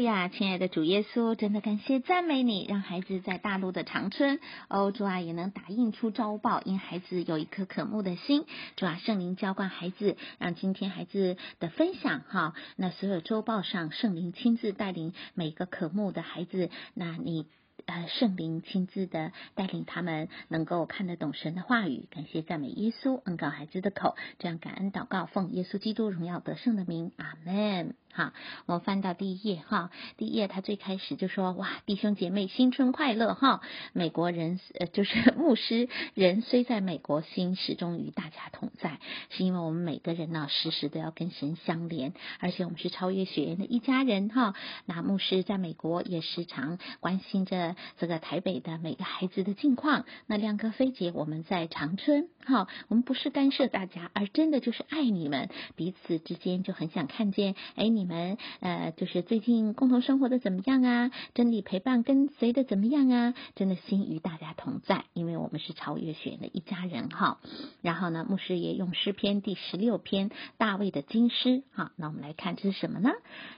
呀，親愛的主耶穌，真的感謝讚美你，讓孩子在大陸的長春，哦、主啊也能打印出週報，因孩子有一顆渴慕的心，主啊聖靈澆灌孩子，讓今天孩子的分享哈，那所有周報上聖靈親自帶領每個渴慕的孩子，那你呃聖靈親自的帶領他們能夠看得懂神的話語，感謝讚美耶穌，恩、嗯、膏孩子的口，這樣感恩禱告，奉耶穌基督榮耀得勝的名，阿門。好，我翻到第一頁哈，第一頁他最開始就說哇，弟兄姐妹新春快樂哈！美國人呃就是牧師，人雖在美國，心始終與大家同在，是因為我們每個人呢、啊、時時都要跟神相連，而且我們是超越血緣的一家人哈。那牧師在美國也時常關心着這個台北的每個孩子的近況。那亮哥、飛姐，我們在長春哈，我們不是干涉大家，而真的就是愛你們，彼此之間就很想看見哎你們。們呃，就是最近共同生活的怎麼樣啊？真理陪伴跟隨的怎麼樣啊？真的心與大家同在，因為我們是超越血緣的一家人哈。然後呢，牧師也用詩篇第十六篇大衛的金詩哈。那我們來看這是什麼呢？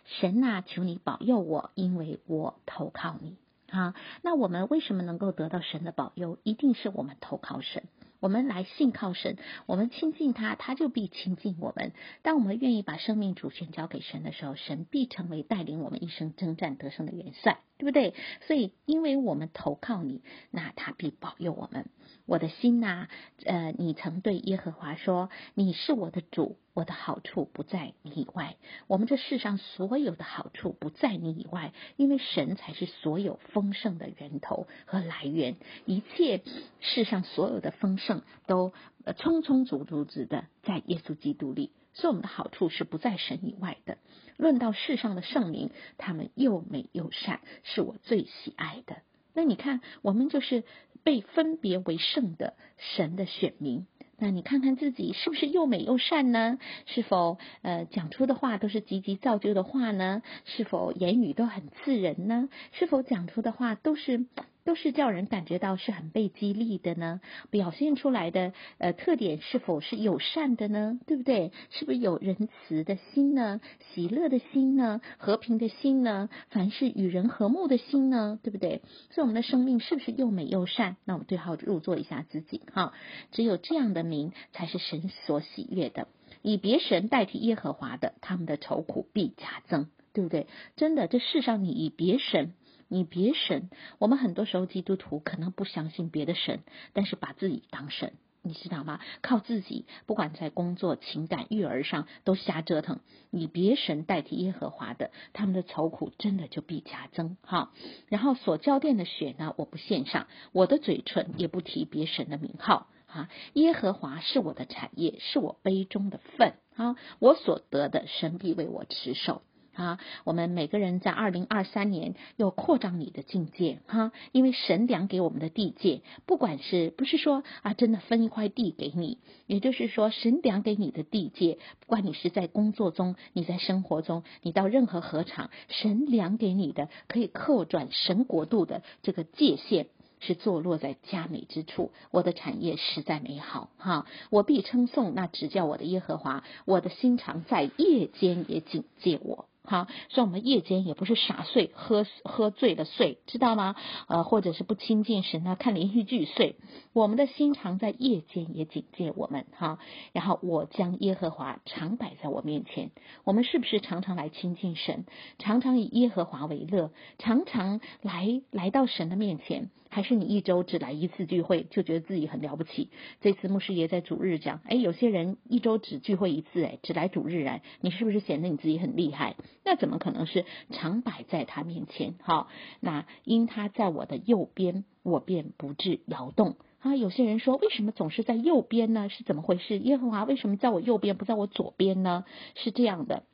神吶、啊，求你保佑我，因為我投靠你啊。那我們為什麼能夠得到神的保佑？一定是我們投靠神。我們來信靠神，我們親近他，他就必親近我們。當我們願意把生命主權交給神的時候，神必成為帶領我們一生征戰得勝的元帥，對不對？所以，因為我們投靠你，那他必保佑我們。我的心吶、啊，呃，你曾對耶和華說：“你是我的主。”我的好處不在你以外，我們這世上所有的好處不在你以外，因為神才是所有豐盛的源頭和來源，一切世上所有的豐盛都呃充充足足足的在耶穌基督裡。所以，我們的好處是不在神以外的。論到世上的聖民，他們又美又善，是我最喜愛的。那你看，我們就是被分別為聖的神的選民。那你看看自己是不是又美又善呢？是否呃講出的話都是積極造就的話呢？是否言語都很刺人呢？是否講出的話都是？都是叫人感覺到是很被激勵的呢？表現出來的呃特點是否是友善的呢？對不對？是不是有仁慈的心呢？喜樂的心呢？和平的心呢？凡事與人和睦的心呢？對不對？所以我們的生命是不是又美又善？那我們對號入座一下自己哈。只有這樣的名，才是神所喜悅的。以別神代替耶和華的，他們的愁苦必加增，對不對？真的，這世上你以別神。你別神，我們很多時候基督徒可能不相信別的神，但是把自己當神，你知道嗎？靠自己，不管在工作、情感、育兒上都瞎折騰。你別神代替耶和華的，他們的愁苦真的就必加增。哈、啊，然後所澆奠的血呢，我不獻上，我的嘴唇也不提別神的名號。哈、啊，耶和華是我的產業，是我杯中的份。啊，我所得的神必為我持守。啊，我們每個人在二零二三年要擴張你的境界，哈，因為神量給我們的地界，不管是不是說啊，真的分一塊地給你，也就是說神量給你的地界，不管你是在工作中，你在生活中，你到任何何場，神量給你的可以扣轉神國度的這個界限，是坐落在佳美之處，我的產業實在美好，哈，我必稱頌那指教我的耶和華，我的心腸在夜間也警戒我。所以我們夜間也不是傻睡，喝喝醉了睡，知道嗎？呃，或者是不親近神、啊。呢，看連續劇睡。我們的心常在夜間也警戒我們，哈。然後我將耶和華常擺在我面前。我們是不是常常來親近神？常常以耶和華為樂？常常來來到神的面前？還是你一周只來一次聚會，就覺得自己很了不起。這次牧師爺在主日講，哎，有些人一周只聚會一次，哎，只來主日啊，你是不是顯得你自己很厲害？那怎麼可能是常擺在他面前？好，那因他在我的右邊，我便不致搖動啊。有些人說，為什麼總是在右邊呢？是怎麼回事？耶和華為什麼在我右邊，不在我左邊呢？是這樣的，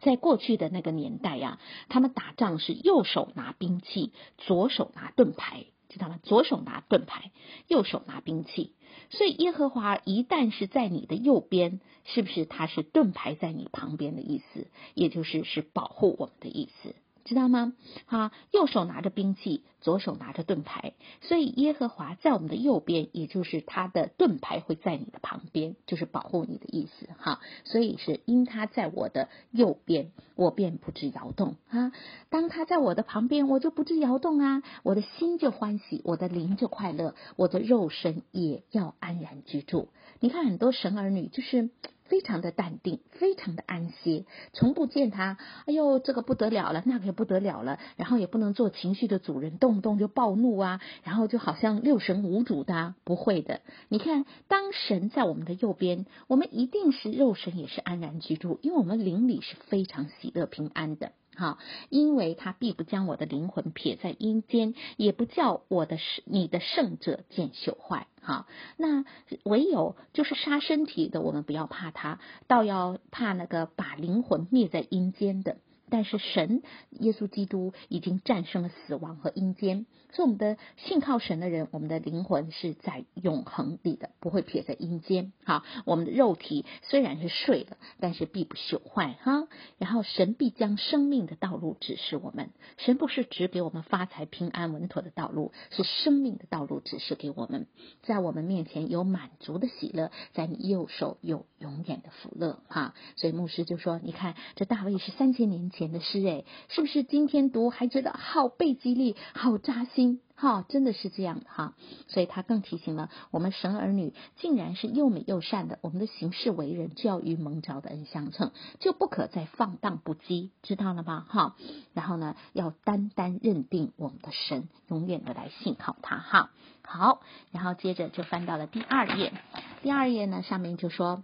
在過去的那個年代呀、啊，他們打仗是右手拿兵器，左手拿盾牌。知道嗎？左手拿盾牌，右手拿兵器，所以耶和華一旦是在你的右邊，是不是他是盾牌在你旁邊的意思？也就是是保護我們的意思。知道嗎？哈，右手拿着兵器，左手拿着盾牌，所以耶和華在我們的右邊，也就是他的盾牌會在你的旁邊，就是保護你的意思哈。所以是因他在我的右邊，我便不至搖動啊。當他在我的旁邊，我就不至搖動啊，我的心就歡喜，我的靈就快樂，我的肉身也要安然居住。你看，很多神兒女就是。非常的淡定，非常的安歇，從不見他，哎呦，這個不得了了，那個也不得了了，然後也不能做情緒的主人，動不動就暴怒啊，然後就好像六神無主的、啊。不會的，你看，當神在我們的右邊，我們一定是肉身也是安然居住，因為我們靈裡是非常喜樂平安的。好，因為他必不將我的靈魂撇在陰間，也不叫我的是你的聖者見朽壞。好，那唯有就是殺身體的，我們不要怕他，倒要怕那個把靈魂滅在陰間的。但是神耶穌基督已經戰勝了死亡和陰間。所以我們的信靠神的人，我們的靈魂是在永恆裡的，不會撇在陰間。好，我們的肉體雖然是睡了，但是必不朽壞哈。然後神必將生命的道路指示我們，神不是指給我們發財、平安、穩妥的道路，是生命的道路指示給我們，在我們面前有滿足的喜樂，在你右手有永遠的福樂哈。所以牧師就說：“你看，這大衛是三千年前的詩，哎，是不是今天讀還覺得好被激勵，好扎心？”哈，真的是這樣哈，所以他更提醒了我們神兒女，既然是又美又善的，我們的行事為人就要與蒙召的恩相稱，就不可再放蕩不羈，知道了嗎？哈，然後呢，要單單認定我們的神，永遠的來信靠他。哈，好，然後接着就翻到了第二頁，第二頁呢，上面就說。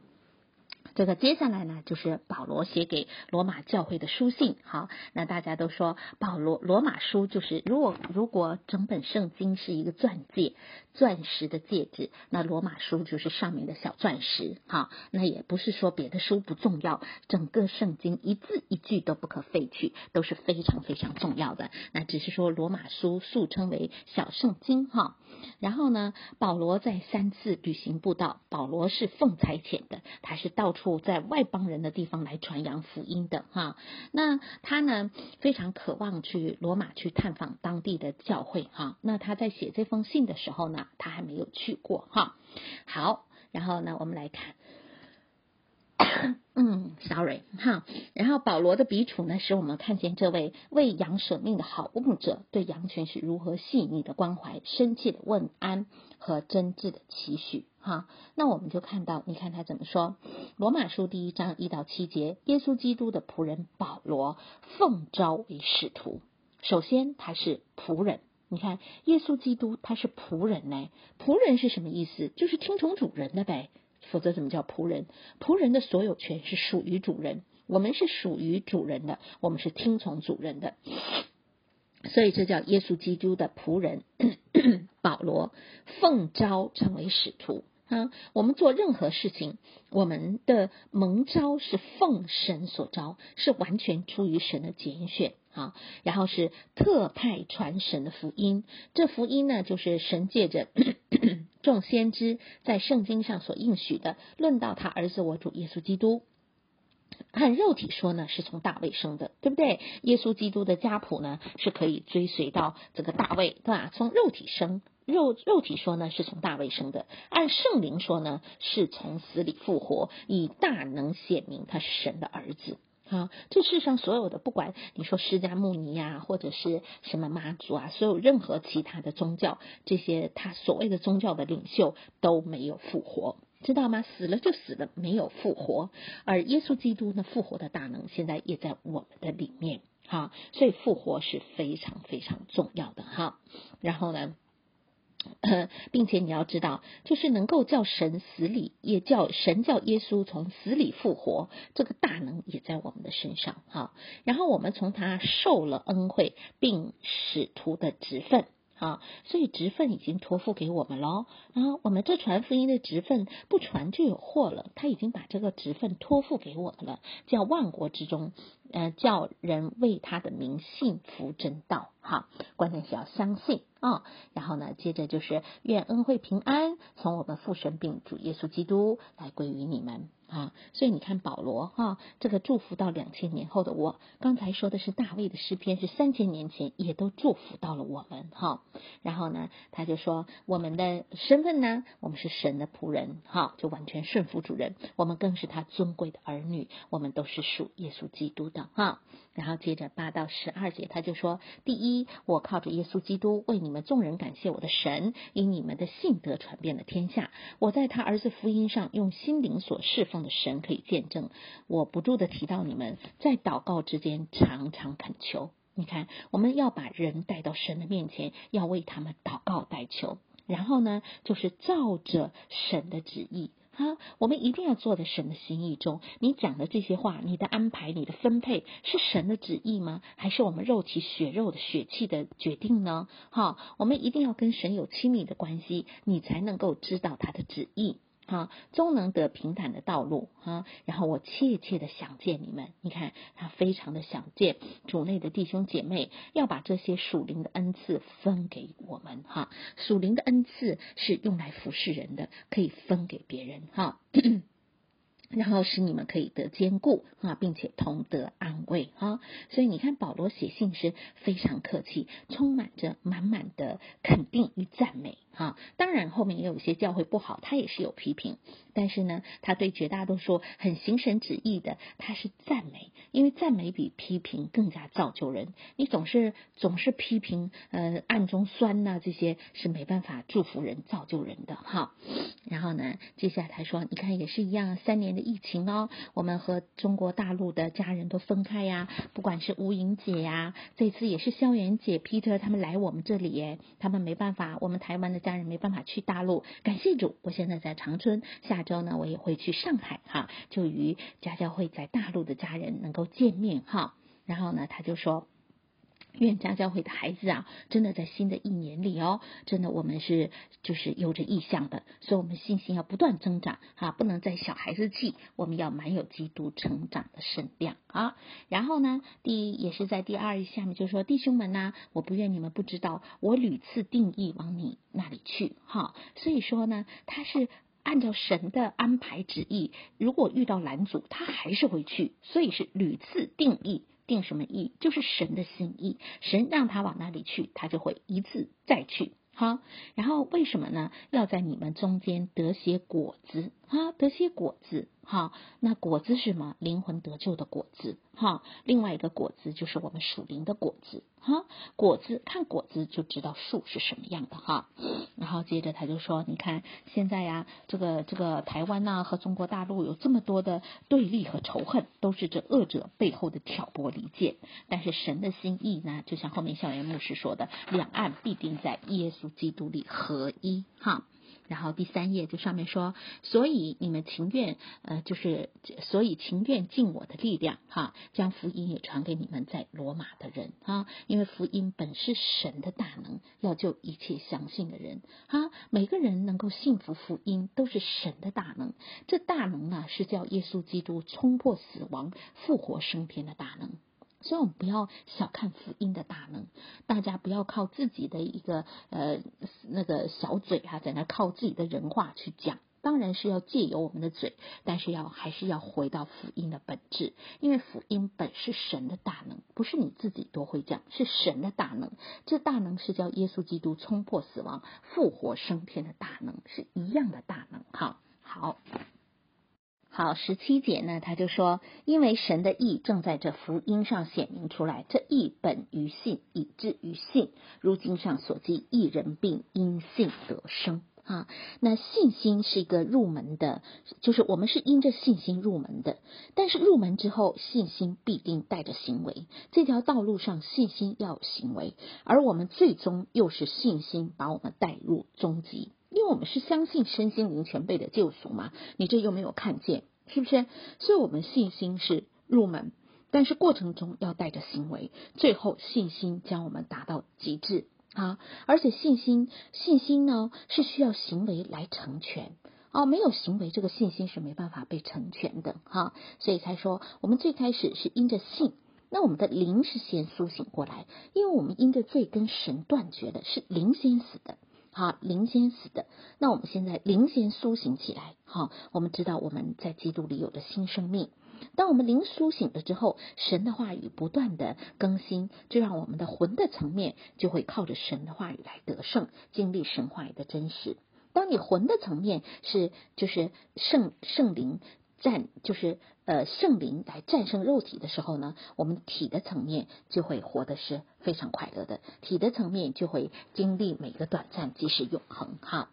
這個接下來呢，就是保羅寫給羅馬教會的書信。好，那大家都說保羅《羅馬書》就是，如果如果整本聖經是一個鑽戒、鑽石的戒指，那《羅馬書》就是上面的小鑽石。哈，那也不是說別的書不重要，整個聖經一字一句都不可廢去，都是非常非常重要的。那只是說《羅馬書》素稱為小聖經。哈，然後呢，保羅在三次旅行布道，保羅是奉差遣的，他是道。到處在外邦人的地方來傳揚福音的哈，那他呢，非常渴望去羅馬去探訪當地的教會哈，那他在寫這封信的時候呢，他還沒有去過哈。好，然後呢，我們來看。 嗯，sorry，哈，然後保羅的筆觸呢，使我們看見這位為羊捨命的好牧者，對羊群是如何細膩的關懷、深切的問安和真摯的期許，哈。那我們就看到，你看他怎麼說，《羅馬書》第一章一到七節，耶穌基督的僕人保羅奉召為使徒。首先他是僕人，你看耶穌基督他是僕人呢、欸，僕人是什麼意思？就是聽從主人的唄。否則怎麼叫僕人？僕人的所有權是屬於主人，我們是屬於主人的，我們是聽從主人的。所以這叫耶穌基督的僕人。 保羅奉召成為使徒啊！我們做任何事情，我們的蒙召是奉神所召，是完全出於神的揀選啊。然後是特派傳神的福音，這福音呢，就是神借着。 眾先知在聖經上所應許的，論到他兒子我主耶穌基督，按肉體說呢，是從大衛生的，對不對？耶穌基督的家譜呢，是可以追隨到這個大衛，對吧？從肉體生，肉肉體說呢，是從大衛生的；按聖靈說呢，是從死裡復活，以大能顯明他是神的兒子。啊，這世上所有的，不管你說釋迦牟尼呀、啊，或者是什麼媽祖啊，所有任何其他的宗教，這些他所謂的宗教的領袖都沒有復活，知道嗎？死了就死了，沒有復活。而耶穌基督呢，復活的大能現在也在我們的裡面。好，所以復活是非常非常重要的哈。然後呢？ 並且你要知道，就是能夠叫神死裡，也叫神叫耶穌從死裡復活，這個大能也在我們的身上哈。然後我們從他受了恩惠，並使徒的職分。啊，所以職份已經托付給我們咯，啊，我們這傳福音的職份不傳就有禍了，他已經把這個職份托付給我們了，叫萬國之中，呃，叫人為他的名信服真道，哈，關鍵是要相信啊，哦，然後呢，接着就是願恩惠平安從我們父神並主耶穌基督來歸於你們。啊，所以你看保羅哈、哦，這個祝福到兩千年後的我，剛才說的是大衛的詩篇是三千年前，也都祝福到了我們哈、哦。然後呢，他就說我們的身份呢，我們是神的僕人哈、哦，就完全順服主人。我們更是他尊貴的兒女，我們都是屬耶穌基督的哈、哦。然後接着八到十二節，他就說：第一，我靠着耶穌基督為你們眾人感謝我的神，因你們的信德傳遍了天下。我在他兒子福音上用心靈所事奉。神可以見證，我不住的提到你們，在禱告之間常常懇求。你看，我們要把人帶到神的面前，要為他們禱告代求。然後呢，就是照着神的旨意哈，我們一定要做在神的心意中。你講的這些話，你的安排，你的分配，是神的旨意嗎？還是我們肉體血肉的血氣的決定呢？哈，我們一定要跟神有親密的關係，你才能夠知道他的旨意。哈、啊，終能得平坦的道路哈、啊。然後我切切的想見你們，你看他、啊、非常的想見主內的弟兄姐妹，要把這些屬靈的恩賜分給我們哈、啊。屬靈的恩賜是用來服侍人的，可以分給別人哈、啊。然後使你們可以得堅固哈、啊，並且同得安慰哈、啊。所以你看保羅寫信時非常客氣，充滿着滿滿的肯定與讚美。哈當然後面也有一些教會不好，他也是有批評，但是呢，他對絕大多數很行神旨意的，他是讚美，因為讚美比批評更加造就人。你總是總是批評，呃，暗中酸吶、啊，這些是沒辦法祝福人、造就人的哈。然後呢，接下來他說，你看也是一樣，三年的疫情哦，我們和中國大陸的家人都分開呀、啊，不管是吳瑩姐呀、啊，這次也是蕭元姐、Peter 他們來我們這裡耶，他們沒辦法，我們台灣的。家人沒辦法去大陸，感謝主，我現在在長春，下周呢，我也會去上海哈、啊，就與家教會在大陸的家人能夠見面哈、啊。然後呢，他就說。願家教會的孩子啊，真的在新的一年裡哦，真的我們是就是有着意向的，所以，我們信心要不斷增長啊，不能再小孩子氣，我們要滿有基督成長的身量啊。然後呢，第一也是在第二下面就是說，弟兄們呢、啊，我不願你們不知道，我屢次定意往你那裡去哈、啊。所以說呢，他是按照神的安排旨意，如果遇到攔阻，他還是會去，所以是屢次定意。定什麼意，就是神的心意。神讓他往那裡去，他就會一次再去。哈，然後為什麼呢？要在你們中間得些果子。哈，得些果子哈，那果子是什麼？靈魂得救的果子哈。另外一個果子就是我們屬靈的果子哈。果子，看果子就知道樹是什麼樣的哈。然後接着他就說，你看現在呀，這個這個台灣吶、啊、和中國大陸有這麼多的對立和仇恨，都是這惡者背後的挑撥離間。但是神的心意呢，就像後面校園牧師說的，兩岸必定在耶穌基督裡合一哈。然後第三頁就上面說，所以你們情願，呃，就是所以情願盡我的力量，哈、啊，將福音也傳給你們在羅馬的人，哈、啊，因為福音本是神的大能，要救一切相信的人，哈、啊，每個人能夠信服福，福音，都是神的大能，這大能呢，是叫耶穌基督衝破死亡，復活升天的大能。所以，我們不要小看福音的大能，大家不要靠自己的一個呃那個小嘴哈、啊，在那靠自己的人話去講。當然是要借由我們的嘴，但是要還是要回到福音的本質，因為福音本是神的大能，不是你自己多會講，是神的大能。這大能是叫耶穌基督衝破死亡、復活升天的大能，是一樣的大能哈。好。好好，十七節呢，他就說，因為神的義正在這福音上顯明出來，這義本於信，以至於信。如經上所記，義人必因信得生啊。那信心是一個入門的，就是我們是因着信心入門的，但是入門之後，信心必定帶着行為。這條道路上，信心要有行為，而我們最終又是信心把我們帶入終極。因為我們是相信身心靈全備的救贖嘛，你這又沒有看見，是不是？所以，我們信心是入門，但是過程中要帶着行為，最後信心將我們達到極致啊！而且，信心信心呢，是需要行為來成全啊，沒有行為，這個信心是沒辦法被成全的哈、啊。所以才說，我們最開始是因着信，那我們的靈是先蘇醒過來，因為我們因着罪跟神斷絕的，是靈先死的。好，靈先死的，那我們現在靈先甦醒起來。好，我們知道我們在基督裡有了新生命。當我們靈甦醒了之後，神的話語不斷的更新，就讓我們的魂的層面就會靠着神的話語來得勝，經歷神話語的真實。當你魂的層面是就是聖聖靈佔就是。呃，聖靈來戰勝肉體的時候呢，我們體的層面就會活得是非常快樂的，體的層面就會經歷每個短暫即是永恆哈。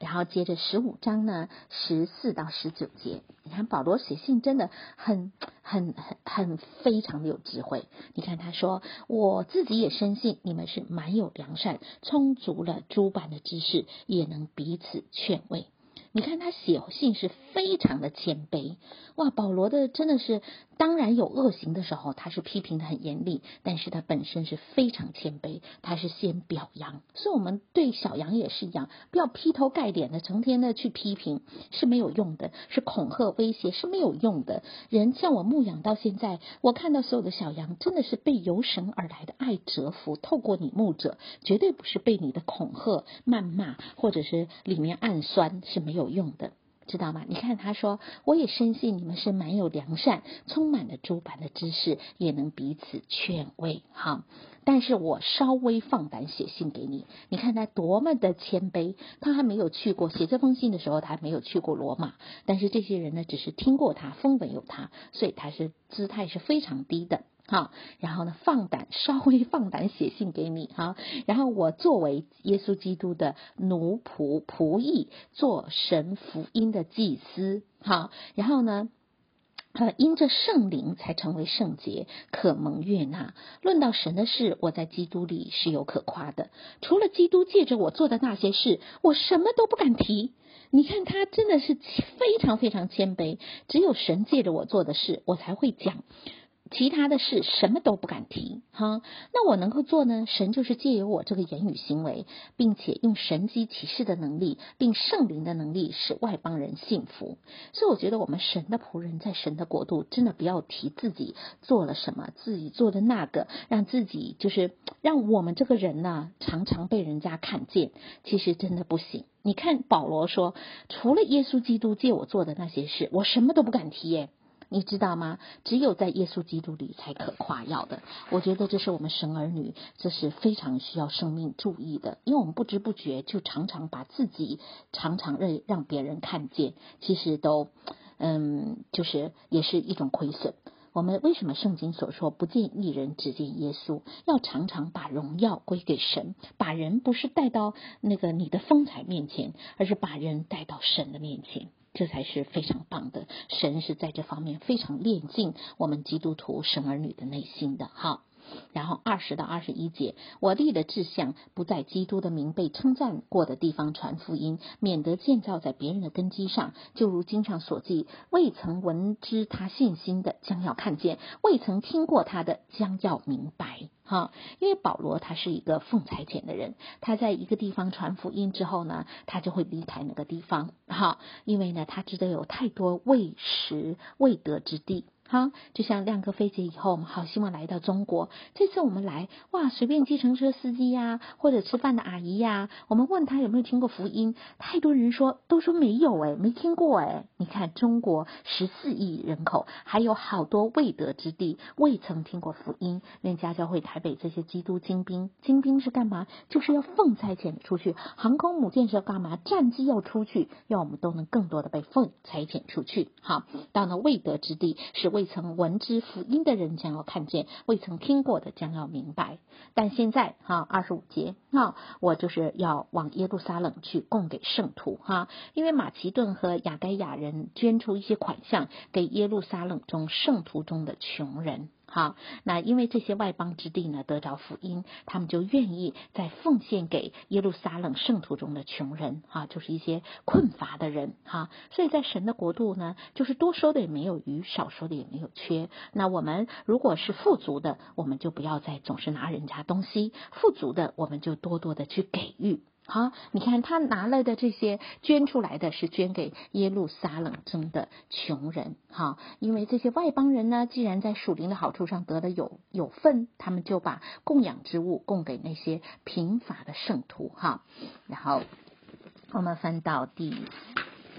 然後接着十五章呢，十四到十九節，你看保羅寫信真的很很很很非常的有智慧。你看他說，我自己也深信你們是滿有良善，充足了諸般的知識，也能彼此勸慰。你看他寫信是非常的謙卑哇！保羅的真的是，當然有惡行的時候，他是批評得很嚴厲，但是他本身是非常謙卑，他是先表揚。所以我們對小羊也是一樣，不要劈頭蓋臉的成天的去批評是沒有用的，是恐嚇威脅是沒有用的。人像我牧養到現在，我看到所有的小羊，真的是被由神而來的愛折服。透過你牧者，絕對不是被你的恐嚇、謾罵或者是裡面暗酸是沒有。有用的，知道嗎？你看他說，我也深信你們是滿有良善，充滿了諸般的知識，也能彼此勸慰，哈。但是我稍微放膽寫信給你，你看他多麼的謙卑，他還沒有去過，寫這封信的時候他還沒有去過羅馬，但是這些人呢，只是聽過他，風聞有他，所以他是姿態是非常低的。好，然後呢，放膽稍微放膽寫信給你哈。然後我作為耶穌基督的奴僕僕役，做神福音的祭司。好，然後呢，呃，因着聖靈才成為聖潔，可蒙悅納。論到神的事，我在基督裡是有可誇的。除了基督借着我做的那些事，我什麼都不敢提。你看他真的是非常非常謙卑，只有神借着我做的事，我才會講。其他的事什麼都不敢提，哈。那我能夠做呢？神就是借由我這個言語行為，並且用神蹟啟示的能力，並聖靈的能力使外邦人信服。所以我覺得，我們神的僕人在神的國度，真的不要提自己做了什麼，自己做的那個，讓自己就是讓我們這個人呢，常常被人家看見，其實真的不行。你看保羅說，除了耶穌基督借我做的那些事，我什麼都不敢提耶。你知道嗎？只有在耶穌基督裡才可誇耀的。我覺得這是我們神兒女，這是非常需要生命注意的。因為我們不知不覺就常常把自己常常讓讓別人看見，其實都，嗯，就是也是一種虧損。我們為什麼聖經所說不見一人，只見耶穌？要常常把榮耀歸給神，把人不是帶到那個你的風采面前，而是把人帶到神的面前。這才是非常棒的，神是在這方面非常煉淨我們基督徒神兒女的內心的，哈。然後二十到二十一節，我立的志向不在基督的名被稱讚過的地方傳福音，免得建造在別人的根基上。就如經上所記，未曾聞知他信心的將要看見，未曾聽過他的將要明白。哈，因為保羅他是一個奉差遣的人，他在一個地方傳福音之後呢，他就會離開那個地方。哈，因為呢，他知道有太多未實未得之地。好，就像亮哥、飛姐以後，我們好希望來到中國。這次我們來，哇，隨便計程車司機呀、啊，或者吃飯的阿姨呀、啊，我們問他有沒有聽過福音？太多人說，都說沒有、欸，誒，沒聽過、欸，誒。你看，中國十四億人口，還有好多未得之地，未曾聽過福音。那家教會台北這些基督精兵，精兵是幹嘛？就是要奉差遣出去，航空母艦是要幹嘛？戰機要出去，要我們都能更多的被奉差遣出去。好，到了未得之地，是為。未曾聞之福音的人將要看見，未曾聽過的將要明白。但現在哈二十五節，那、啊、我就是要往耶路撒冷去供給聖徒哈、啊，因為馬其頓和亞該亞人捐出一些款項給耶路撒冷中聖徒中的窮人。好，那因為這些外邦之地呢，得着福音，他們就願意再奉獻給耶路撒冷聖徒中的窮人哈，就是一些困乏的人哈。所以在神的國度呢，就是多收的也沒有餘，少收的也沒有缺。那我們如果是富足的，我們就不要再總是拿人家東西；富足的，我們就多多的去給予。好，你看他拿了的這些捐出來的是捐給耶路撒冷中的窮人。哈，因為這些外邦人呢，既然在屬靈的好處上得了有有份，他們就把供養之物供給那些貧乏的聖徒。哈，然後我們翻到第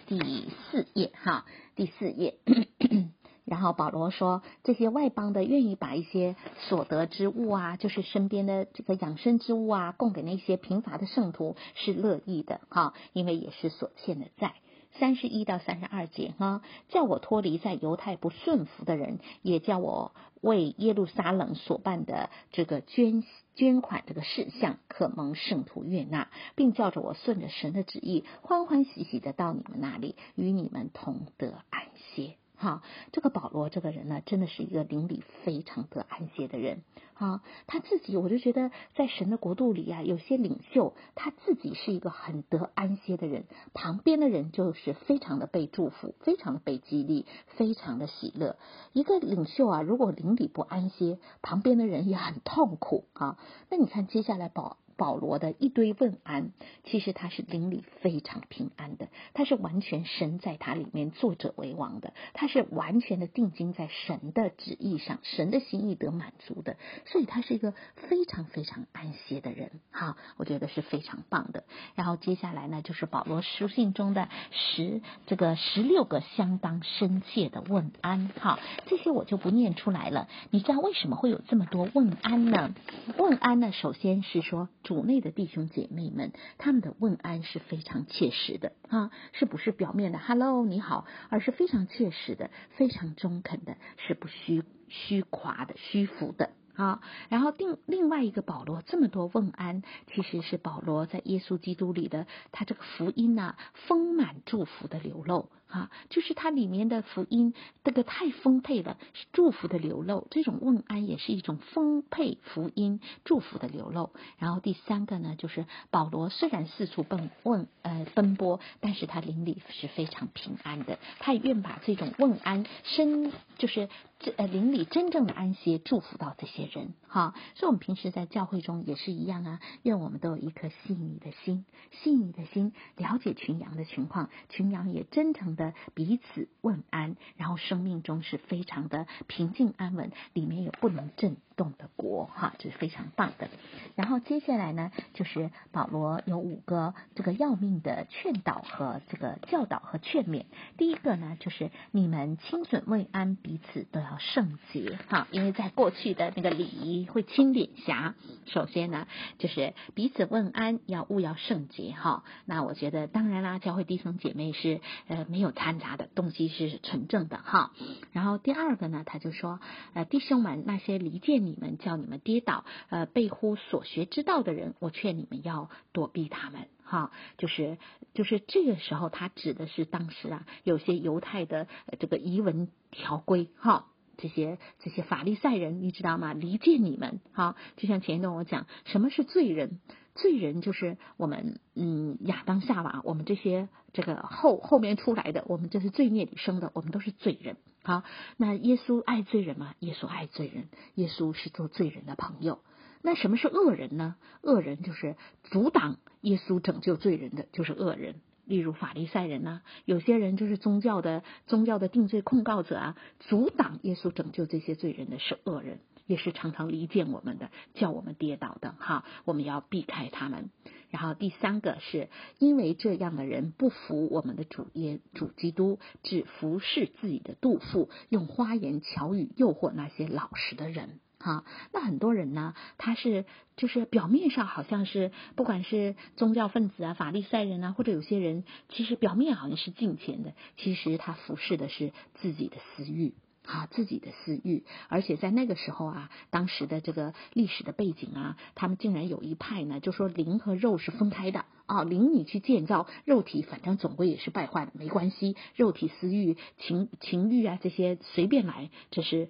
第四頁。哈，第四頁。好，第四頁，咳咳。然後保羅說：“這些外邦的願意把一些所得之物啊，就是身邊的這個養生之物啊，供給那些貧乏的聖徒是樂意的哈、哦，因為也是所欠的債。”三十一到三十二節哈，叫我脫離在猶太不順服的人，也叫我為耶路撒冷所辦的這個捐捐款這個事項可蒙聖徒悅納，並叫着我順着神的旨意，歡歡喜喜的到你們那裡，與你們同得安歇。”好，這個保羅這個人呢、啊，真的是一個靈裡非常得安歇的人。好、啊，他自己我就覺得，在神的國度裡呀、啊，有些領袖他自己是一個很得安歇的人，旁邊的人就是非常的被祝福，非常的被激勵，非常的喜樂。一個領袖啊，如果靈裡不安歇，旁邊的人也很痛苦啊。那你看，接下來保。保羅的一堆問安，其實他是靈裡非常平安的，他是完全神在他裡面，作者為王的，他是完全的定睛在神的旨意上，神的心意得滿足的，所以他是一個非常非常安歇的人。好，我覺得是非常棒的。然後接下來呢，就是保羅書信中的十這個十六個相當深切的問安。好，這些我就不念出來了。你知道為什麼會有這麼多問安呢？問安呢，首先是說。主內的弟兄姐妹們，他們的問安是非常切實的啊，是不是表面的 “hello 你好”，而是非常切實的、非常中肯的，是不虛虛誇的、虛浮的啊。然後另另外一個保羅這麼多問安，其實是保羅在耶穌基督裡的他這個福音吶、啊，豐滿祝福的流露。啊，就是它裡面的福音，這個太豐沛了，是祝福的流露。這種問安也是一種豐沛福音、祝福的流露。然後第三個呢，就是保羅雖然四處奔問呃奔波，但是他靈裡是非常平安的，他也願把這種問安、深，就是呃靈裡真正的安息，祝福到這些人。哈，所以我們平時在教會中也是一樣啊，願我們都有一顆細膩的心，細膩的心了解群羊的情況，群羊也真誠的彼此問安，然後生命中是非常的平靜安穩，裡面也不能震動的國哈，這是非常棒的。然後接下來呢，就是保羅有五個這個要命的勸導和這個教導和勸勉。第一個呢，就是你們親嘴問安，彼此都要聖潔哈，因為在過去的那個禮儀會親臉頰。首先呢，就是彼此問安要務要聖潔哈。那我覺得當然啦，教會弟兄姐妹是呃沒有摻雜的動機是純正的哈。然後第二個呢，他就說呃弟兄們那些離間，你們叫你們跌倒、呃背乎所學之道的人，我勸你們要躲避他們，哈、哦，就是就是這個時候，他指的是當時啊，有些猶太的、呃、這個儀文條規，哈、哦，這些這些法利賽人，你知道嗎？離間你們，哈、哦，就像前一段我講，什麼是罪人？罪人就是我們，嗯，亞當、夏娃，我們這些這個後後面出來的，我們這是罪孽裡生的，我們都是罪人。好，那耶穌愛罪人嗎？耶穌愛罪人，耶穌是做罪人的朋友。那什麼是惡人呢？惡人就是阻擋耶穌拯救罪人的，就是惡人。例如法利賽人吶、啊，有些人就是宗教的宗教的定罪控告者啊，阻擋耶穌拯救這些罪人的是惡人。也是常常離間我們的，叫我們跌倒的哈，我們要避開他們。然後第三個是因為這樣的人不服我們的主耶主基督，只服侍自己的肚腹，用花言巧語誘惑那些老實的人哈。那很多人呢，他是就是表面上好像是不管是宗教分子啊、法利賽人啊，或者有些人，其實表面好像是敬虔的，其實他服侍的是自己的私欲。啊，自己的私慾，而且在那個時候啊，當時的這個歷史的背景啊，他們竟然有一派呢，就說靈和肉是分開的啊，靈你去建造，肉體反正總歸也是敗壞的，沒關係，肉體私慾、情情慾啊這些隨便來，這是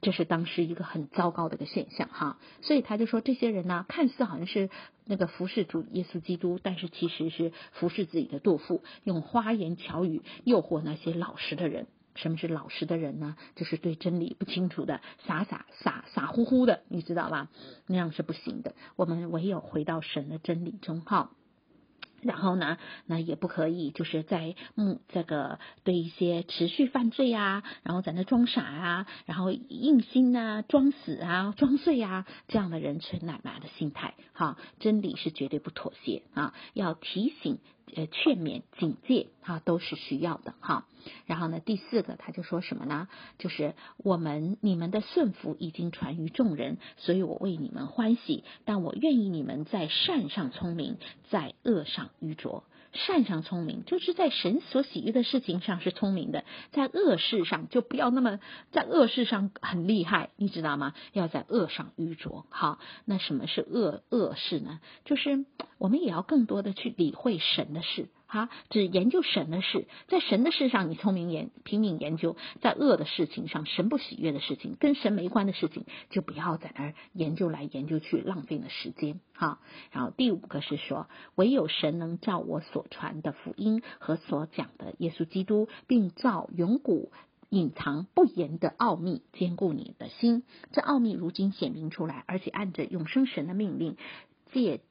這是當時一個很糟糕的一個現象哈。所以他就說，這些人呢，看似好像是那個服侍主耶穌基督，但是其實是服侍自己的肚腹，用花言巧語誘惑那些老實的人。什麼是老實的人呢？就是對真理不清楚的，傻傻傻傻乎乎的，你知道吧？那樣是不行的。我們唯有回到神的真理中，哈。然後呢，那也不可以，就是在嗯，這個對一些持續犯罪啊，然後在那裝傻啊，然後硬心啊，裝死啊，裝睡啊，這樣的人，存奶媽的心態，哈、啊。真理是絕對不妥協啊，要提醒。呃，勸勉、警戒啊，都是需要的哈、啊。然後呢，第四個他就說什麼呢？就是我們、你們的順服已經傳於眾人，所以我為你們歡喜，但我願意你們在善上聰明，在惡上愚拙。善上聰明，就是在神所喜悅的事情上是聰明的，在惡事上就不要那麼，在惡事上很厲害，你知道嗎？要在惡上愚拙。好，那什麼是惡惡事呢？就是我們也要更多的去理會神的事。哈、啊，只研究神的事，在神的事上你聰明研拼命研究，在惡的事情上，神不喜悅的事情，跟神沒關的事情，就不要在那兒研究來研究去，浪費了時間。哈、啊，然後第五個是說，唯有神能照我所傳的福音和所講的耶穌基督，並照永古隱藏不言的奧秘，堅固你的心。這奧秘如今顯明出來，而且按着永生神的命令借。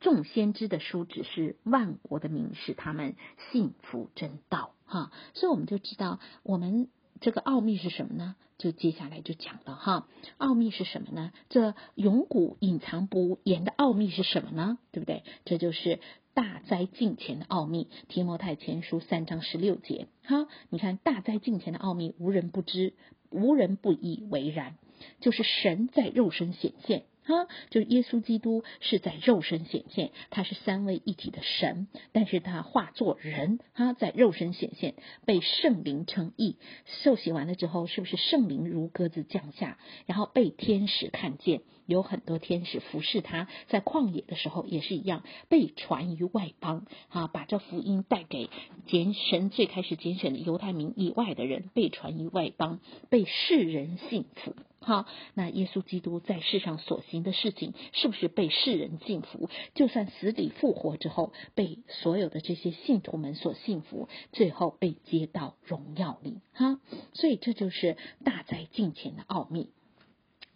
眾先知的書指示萬國的民，使他們信服真道哈。所以我們就知道，我們這個奧祕是什麼呢？就接下來就講了哈。奧祕是什麼呢？這永古隱藏不言的奧祕是什麼呢？對不對？這就是大哉敬虔的奧祕，《提摩太前書》三章十六節。哈，你看大哉敬虔的奧祕，無人不知，無人不以為然，就是神在肉身顯現。哈，就是耶穌基督是在肉身顯現，他是三位一體的神，但是他化作人，哈，在肉身顯現，被聖靈稱義，受洗完了之後，是不是聖靈如鴿子降下，然後被天使看見，有很多天使服侍他，在曠野的時候也是一樣，被傳於外邦，哈，把這福音帶給揀神最開始揀選的猶太民以外的人，被傳於外邦，被世人信服。好，那耶穌基督在世上所行的事情，是不是被世人信服？就算死裡復活之後，被所有的這些信徒們所信服，最後被接到榮耀裡。哈，所以這就是大哉，敬虔的奧祕。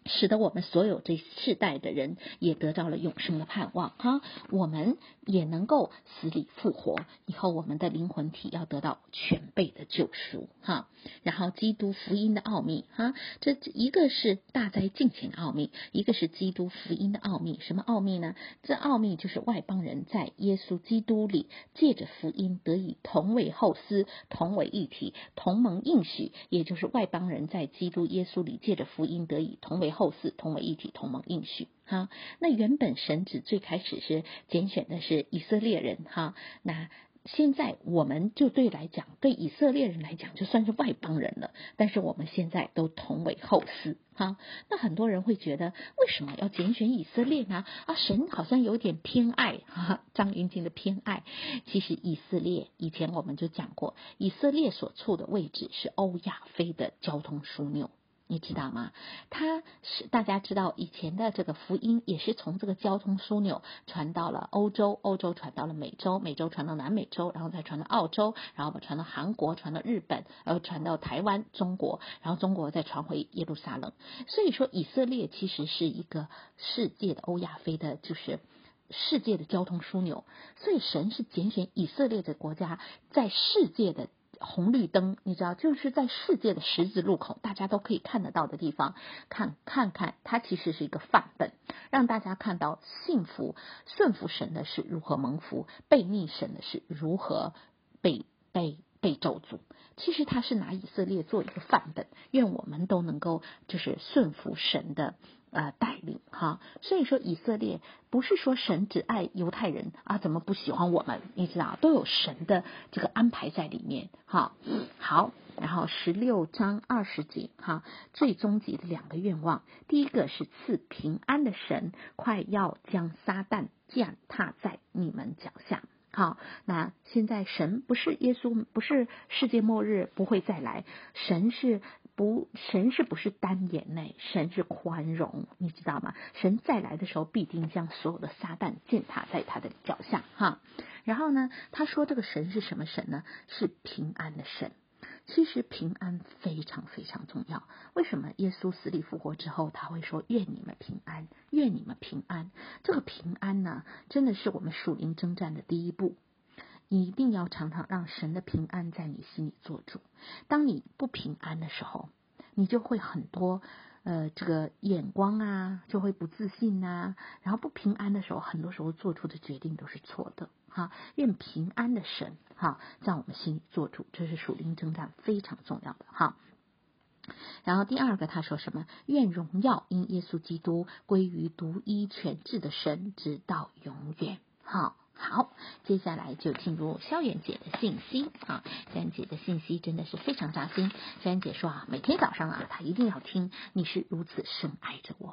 使得我們所有這世代的人也得到了永生的盼望哈，我們也能夠死裡復活，以後我們的靈魂體要得到全備的救贖哈。然後，基督福音的奧秘哈，這一個是大哉，敬虔的奧秘，一個是基督福音的奧秘。什麼奧秘呢？這奧秘就是外邦人在耶穌基督裡借着福音得以同為後嗣，同為一體，同蒙應許，也就是外邦人在基督耶穌裡借着福音得以同為。後嗣同為一體同蒙應許哈，那原本神旨最開始是揀選的是以色列人哈，那現在我們就對來講，對以色列人來講就算是外邦人了，但是我們現在都同為後嗣哈。那很多人會覺得，為什麼要揀選以色列呢？啊，神好像有點偏愛哈哈，張雲靜的偏愛。其實以色列以前我們就講過，以色列所處的位置是歐亞非的交通樞紐。你知道嗎？它是大家知道，以前的這個福音也是從這個交通樞紐傳到了歐洲，歐洲傳到了美洲，美洲傳到南美洲，然後再傳到澳洲，然後把傳到韓國、傳到日本，然後傳到台灣、中國，然後中國再傳回耶路撒冷。所以說，以色列其實是一個世界的歐亞非的，就是世界的交通樞紐。所以神是揀選以色列的國家在世界的。紅綠燈，你知道，就是在世界的十字路口，大家都可以看得到的地方，看，看看，它其實是一個範本，讓大家看到幸福順服神的是如何蒙福，悖逆神的是如何被被被咒詛。其實他是拿以色列做一個範本，願我們都能夠就是順服神的。呃，帶領哈，所以說以色列不是說神只愛猶太人啊，怎麼不喜歡我們？你知道，都有神的這個安排在裡面哈。好，然後十六章二十節哈，最終極的兩個願望，第一個是賜平安的神，快要將撒旦踐踏在你們腳下。好，那現在神不是耶穌，不是世界末日不會再來，神是。不，神是不是單眼呢？神是寬容，你知道嗎？神再來的時候，必定將所有的撒旦踐踏在他的腳下，哈。然後呢，他說這個神是什麼神呢？是平安的神。其實平安非常非常重要。為什麼耶穌死裡復活之後，他會說，願你們平安，願你們平安？這個平安呢，真的是我們屬靈征戰的第一步。你一定要常常讓神的平安在你心裡做主。當你不平安的時候，你就會很多呃這個眼光啊，就會不自信啊。然後不平安的時候，很多時候做出的決定都是錯的哈。願平安的神哈在我們心裡做主，這是屬靈爭戰非常重要的哈。然後第二個他說什麼？願榮耀因耶穌基督歸於獨一全智的神，直到永遠。好。好，接下來就進入肖遠姐的信息啊。肖遠姐的信息真的是非常扎心。肖遠姐說啊，每天早上啊，她一定要聽《你是如此深愛着我》。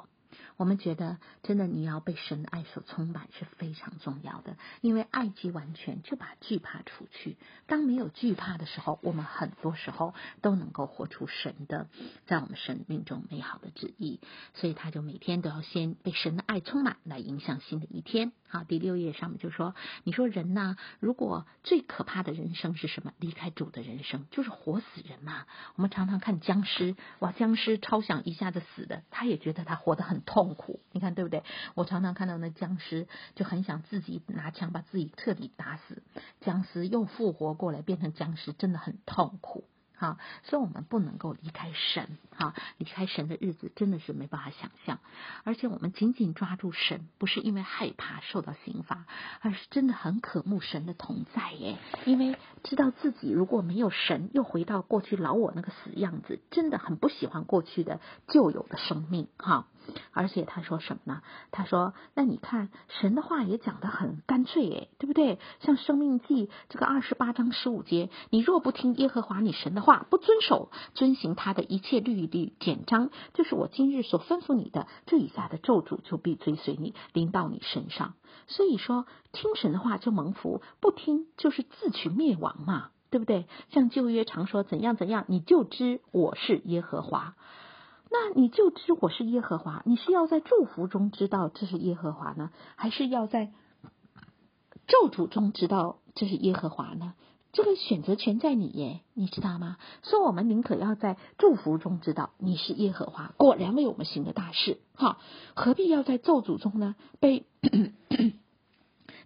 我們覺得，真的你要被神的愛所充滿是非常重要的，因為愛既完全，就把懼怕除去。當沒有懼怕的時候，我們很多時候都能夠活出神的，在我們生命中美好的旨意。所以他就每天都要先被神的愛充滿，來影響新的一天。好，第六頁上面就說：“你說人呢、啊？如果最可怕的人生是什麼？離開主的人生，就是活死人嘛。我們常常看殭屍，哇，殭屍超想一下子死的，他也覺得他活得很痛。”痛苦，你看對不對？我常常看到那僵屍，就很想自己拿槍把自己徹底打死。僵屍又復活過來，變成僵屍，真的很痛苦啊！所以，我們不能夠離開神啊！離開神的日子，真的是沒辦法想象。而且，我們緊緊抓住神，不是因為害怕受到刑罰，而是真的很渴慕神的同在耶！因為知道自己如果沒有神，又回到過去老我那個死樣子，真的很不喜歡過去的舊有的生命哈。啊而且他說什麼呢？他說：“那你看，神的話也講得很乾脆哎，對不對？像《申命記》這個二十八章十五節，你若不聽耶和華你神的話，不遵守、遵行他的一切律例、典章，就是我今日所吩咐你的，這以下的咒詛就必追隨你，臨到你身上。所以說，聽神的話就蒙福，不聽就是自取滅亡嘛，對不對？像舊約常說怎樣怎樣，你就知我是耶和華。”那你就知我是耶和華，你是要在祝福中知道這是耶和華呢，還是要在咒詛中知道這是耶和華呢？這個選擇權在你耶，你知道嗎？所以我們寧可要在祝福中知道你是耶和華，果然為我們行的大事，好，何必要在咒詛中呢？被。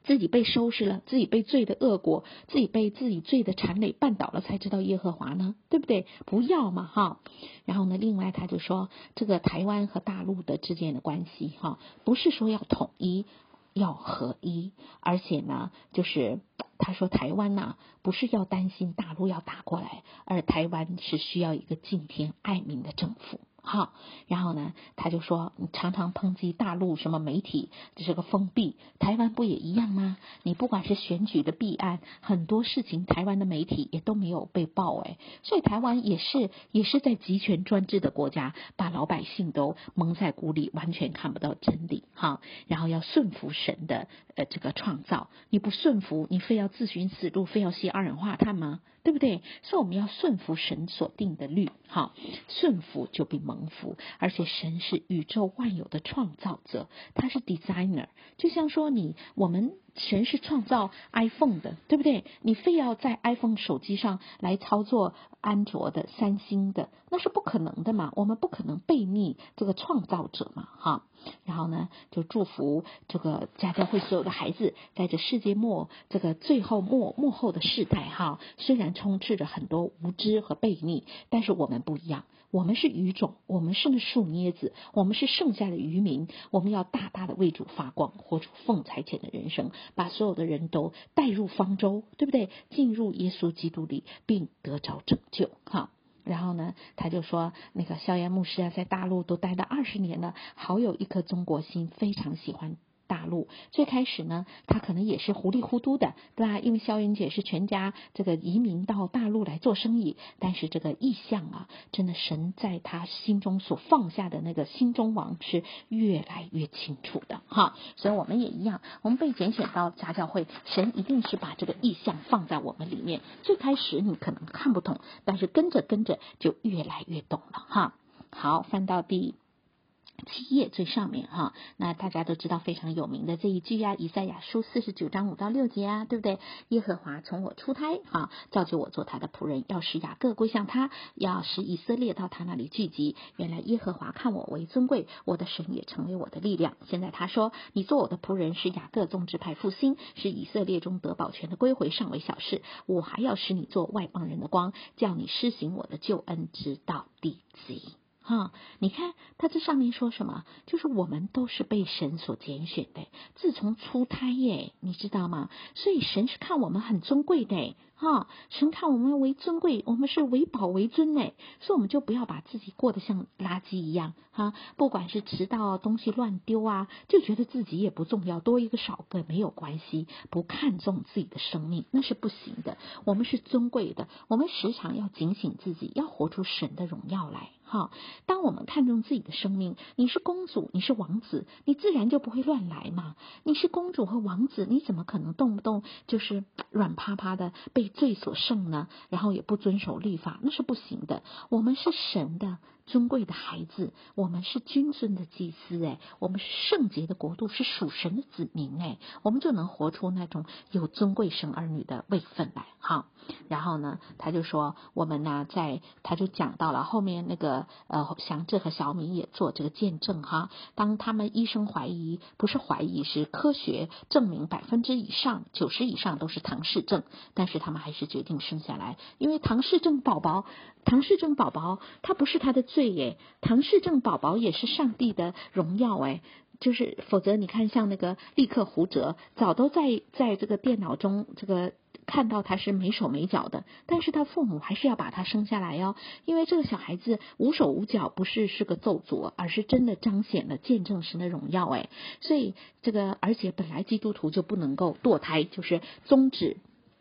自己被收拾了，自己被罪的惡果，自己被自己罪的纏累絆倒了，才知道耶和華呢，對不對？不要嘛哈。然後呢，另外他就說，這個台灣和大陸的之間的關係哈，不是說要統一，要合一，而且呢，就是他說台灣吶、啊，不是要擔心大陸要打過來，而台灣是需要一個敬天愛民的政府。哈，然後呢，他就說你常常抨擊大陸什麼媒體，這是個封閉，台灣不也一樣嗎？你不管是選舉的弊案，很多事情台灣的媒體也都沒有被報，哎，所以台灣也是也是在集權專制的國家，把老百姓都蒙在鼓裡，完全看不到真理。哈，然後要順服神的呃這個創造，你不順服，你非要自尋死路，非要吸二氧化碳嗎？對不對？所、so, 以我們要順服神所定的律，好，順服就必蒙福，而且神是宇宙萬有的創造者，他是 designer，就像說你我們。全是創造 iPhone 的，對不對？你非要在 iPhone 手機上來操作安卓的、三星的，那是不可能的嘛？我們不可能背逆這個創造者嘛？哈，然後呢，就祝福這個家教會所有的孩子，在這世界末這個最後末末後的時代哈，雖然充斥着很多無知和背逆，但是我們不一樣。我們是餘種，我們是那樹墩子，我們是剩下的餘民，我們要大大的為主發光，活出奉差遣的人生，把所有的人都帶入方舟，對不對？進入耶穌基督裡，並得着拯救哈、啊。然後呢，他就說那個肖岩牧師啊，在大陸都待了二十年了，好有一顆中國心，非常喜歡。大陸最開始呢，她可能也是糊裡糊塗的，對吧？因為肖雲姐是全家這個移民到大陸來做生意，但是這個異象啊，真的神在她心中所放下的那個心中王是越來越清楚的哈。所以我們也一樣，我們被揀選到家教會，神一定是把這個異象放在我們裡面。最開始你可能看不懂，但是跟着跟着就越來越懂了哈。好，翻到第一。七頁最上面哈，那大家都知道非常有名的這一句啊，《以賽亞書》四十九章五到六節啊，對不對？耶和華從我出胎，哈，造就我做他的僕人，要使雅各歸向他，要使以色列到他那裡聚集。原來耶和華看我為尊貴，我的神也成為我的力量。現在他說，你做我的僕人，使雅各眾支派復興，使以色列中得保全的歸回，尚為小事。我還要使你做外邦人的光，叫你施行我的救恩，直到地極。哈，你看他這上面說什麼？就是我們都是被神所揀選的，自從出胎耶，你知道嗎？所以神是看我們很尊貴的，哈，神看我們為尊貴，我們是為寶為尊嘞，所以我們就不要把自己過得像垃圾一樣，哈，不管是遲到啊，東西亂丟啊，就覺得自己也不重要，多一個少個沒有關係，不看重自己的生命，那是不行的。我們是尊貴的，我們時常要警醒自己，要活出神的榮耀來。好，當我們看重自己的生命，你是公主，你是王子，你自然就不會亂來嘛。你是公主和王子，你怎麼可能動不動就是軟趴趴的被罪所勝呢？然後也不遵守律法，那是不行的。我們是神的。尊貴的孩子，我們是君尊的祭司，哎，我們是聖潔的國度，是屬神的子民，哎，我們就能活出那種有尊貴神兒女的位分來，哈。然後呢，他就說，我們呢，在他就講到了後面那個呃，祥志和小敏也做這個見證，哈。當他們醫生懷疑，不是懷疑，是科學證明百分之以上，九十以上都是唐氏症，但是他們還是決定生下來，因為唐氏症寶寶，唐氏症寶寶，他不是他的。對耶，唐氏症寶寶也是上帝的榮耀誒，就是否則你看像那個力克胡哲，早都在在這個電腦中這個看到他是沒手沒腳的，但是他父母還是要把他生下來喲，因為這個小孩子無手無腳不是是個咒詛，而是真的彰顯了見證神的榮耀誒，所以這個而且本來基督徒就不能夠墮胎，就是終止。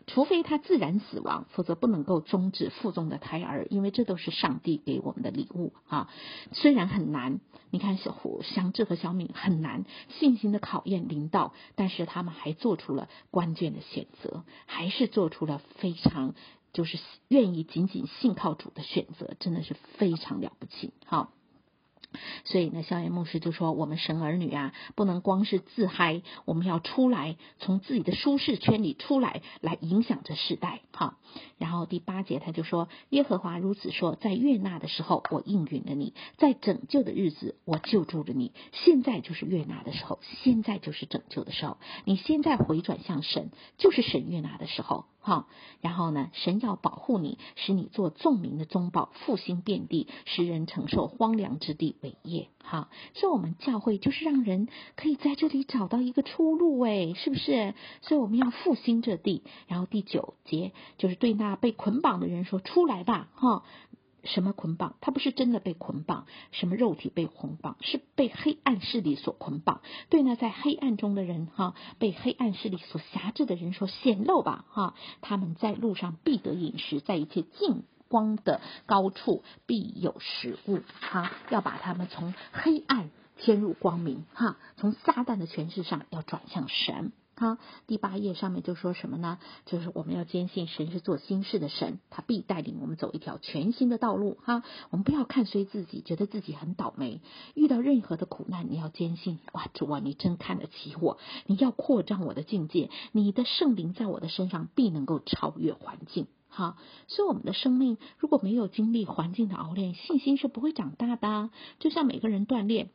除非他自然死亡，否則不能夠終止腹中的胎兒，因為這都是上帝給我們的禮物啊。雖然很難，你看小虎、小祥志和小敏很難信心的考驗臨到，但是他們還做出了關鍵的選擇，還是做出了非常就是願意僅僅信靠主的選擇，真的是非常了不起哈。啊所以呢，肖炎牧師就說：“我們神兒女啊，不能光是自嗨，我們要出來，從自己的舒適圈裡出來，來影響這世代。啊”哈，然後第八節他就說：“耶和華如此說，在悅納的時候，我應允了你；在拯救的日子，我救助了你。現在就是悅納的時候，現在就是拯救的時候。你現在回轉向神，就是神悅納的時候。”好，然後呢，神要保護你，使你做眾民的宗保，復興遍地，使人承受荒涼之地偉業。哈，所以我們教會就是讓人可以在這裡找到一個出路，哎，是不是？所以我們要復興這地。然後第九節就是對那被捆綁的人說：“出來吧！”哈、哦。什麼捆綁？他不是真的被捆綁，什麼肉體被捆綁，是被黑暗勢力所捆綁。對呢，在黑暗中的人哈，被黑暗勢力所轄制的人說，顯露吧哈，他們在路上必得飲食，在一切淨光的高處必有食物哈，要把他們從黑暗牽入光明哈，從撒旦的權勢上要轉向神。哈，第八頁上面就說什麼呢？就是我們要堅信神是做新事的神，他必帶領我們走一條全新的道路。哈，我們不要看衰自己，覺得自己很倒霉，遇到任何的苦難，你要堅信，哇，主啊，你真看得起我，你要擴張我的境界，你的聖靈在我的身上必能夠超越環境。哈，所以我們的生命如果沒有經歷環境的熬煉，信心是不會長大的啊。就像每個人鍛鍊。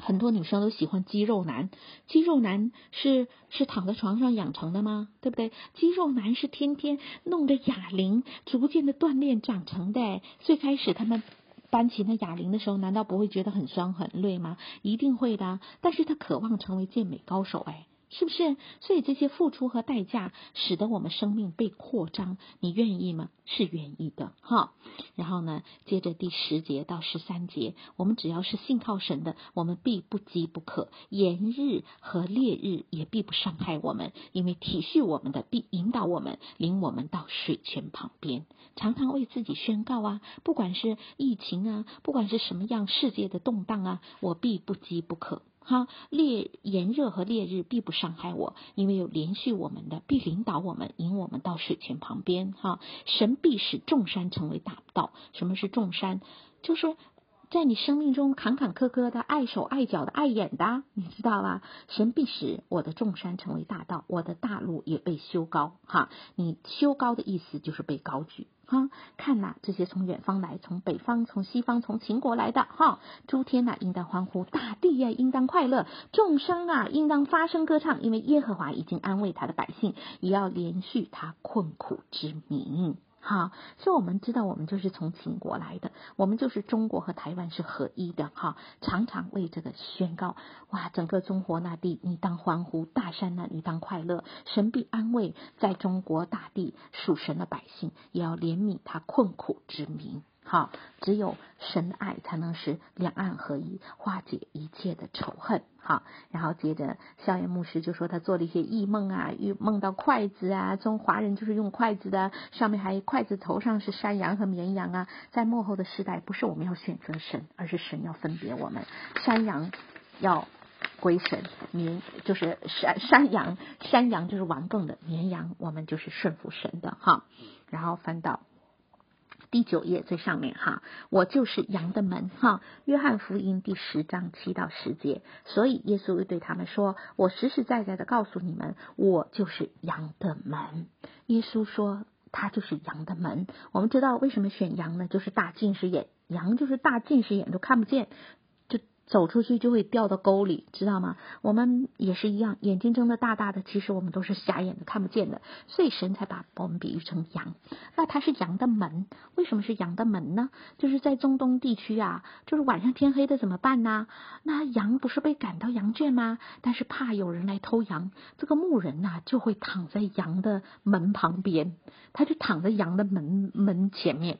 很多女生都喜歡肌肉男，肌肉男是是躺在床上養成的嗎？對不對？肌肉男是天天弄着啞鈴，逐漸的鍛鍊長成的。最開始他們搬起那啞鈴的時候，難道不會覺得很酸很累嗎？一定會的。但是他渴望成為健美高手，哎。是不是？所以這些付出和代價，使得我們生命被擴張。你願意嗎？是願意的，哈、哦。然後呢？接着第十節到十三節，我們只要是信靠神的，我們必不飢不渴。炎日和烈日也必不傷害我們，因為體恤我們的必引導我們，領我們到水泉旁邊。常常為自己宣告啊，不管是疫情啊，不管是什麼樣世界的動盪啊，我必不飢不渴。哈，烈炎熱和烈日必不傷害我，因為有憐恤我們的必引導我們，引我們到水泉旁邊。哈，神必使眾山成為大道。什麼是眾山？就是。在你生命中坎坎坷坷、的礙手礙腳的、礙眼的，你知道吧？神必使我的眾山成為大道，我的大路也被修高。哈，你修高的意思就是被高舉。哈，看吶、啊，這些從遠方來，從北方、從西方、從秦國來的，哈，諸天吶、啊、應當歡呼，大地也、啊、應當快樂，眾生啊應當發聲歌唱，因為耶和華已經安慰他的百姓，也要憐恤他困苦之民。哈，所以我們知道，我們就是從秦國來的，我們就是中國和台灣是合一的。哈，常常為這個宣告，哇，整個中國大地，你當歡呼，大山吶，你當快樂，神必安慰，在中國大地，屬神的百姓也要憐憫他困苦之民。好，只有神的愛才能使兩岸合一，化解一切的仇恨。好，然後接着，肖岩牧師就說他做了一些異夢啊，夢到筷子啊，中華人就是用筷子的，上面還有筷子頭上是山羊和綿羊啊。在末後的時代，不是我們要選擇神，而是神要分別我們。山羊要歸神，綿就是山山羊山羊就是頑梗的，綿羊我們就是順服神的。哈，然後翻到。第九頁最上面哈，我就是羊的門哈，《約翰福音》第十章七到十節，所以耶穌會對他們說：“我實實在在在的告訴你們，我就是羊的門。”耶穌說他就是羊的門。我們知道為什麼選羊呢？就是大近視眼，羊就是大近視眼都看不見。走出去就會掉到溝裡，知道嗎？我們也是一樣，眼睛睜得大大的，其實我們都是瞎眼的，看不見的。所以神才把我們比喻成羊。那它是羊的門，為什麼是羊的門呢？就是在中東地區啊，就是晚上天黑的怎麼辦呢？那羊不是被趕到羊圈嗎？但是怕有人來偷羊，這個牧人吶、啊、就會躺在羊的門旁邊，他就躺在羊的門門前面。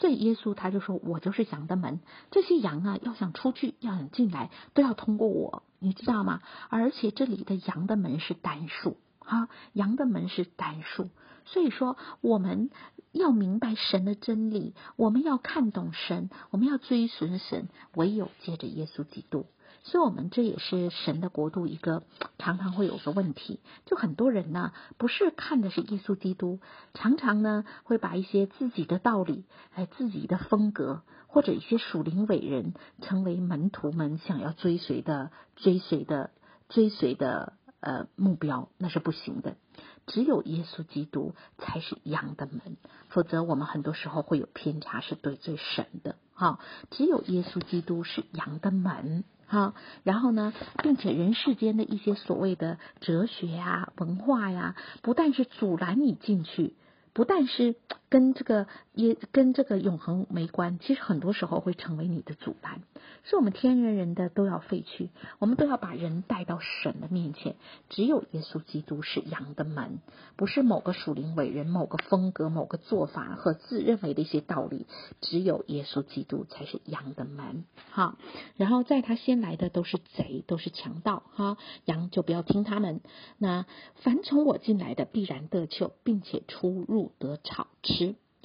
所以耶穌他就說：“我就是羊的門，這些羊啊，要想出去，要想進來，都要通過我，你知道嗎？而且這裡的羊的門是單數，啊，羊的門是單數。所以說，我們要明白神的真理，我們要看懂神，我們要追隨神，唯有借着耶穌基督。”所以，我們這也是神的國度一個常常會有個問題，就很多人呢不是看的是耶穌基督，常常呢會把一些自己的道理、哎自己的風格或者一些屬靈偉人成為門徒們想要追隨的、追隨的、追隨的呃目標，那是不行的。只有耶穌基督才是羊的門，否則我們很多時候會有偏差，是對最神的哈、哦。只有耶穌基督是羊的門。哈，然後呢，並且人世間的一些所謂的哲學呀、啊、文化呀、啊，不但是阻攔你進去，不但是。跟這個也跟這個永恆沒關，其實很多時候會成為你的阻攔。是我們天然人的都要廢去，我們都要把人帶到神的面前。只有耶穌基督是羊的門，不是某個屬靈偉人、某個風格、某個做法和自認為的一些道理。只有耶穌基督才是羊的門哈。然後在他先來的都是賊，都是強盜哈。羊就不要聽他們。那凡從我進來的必然得救，並且出入得草吃。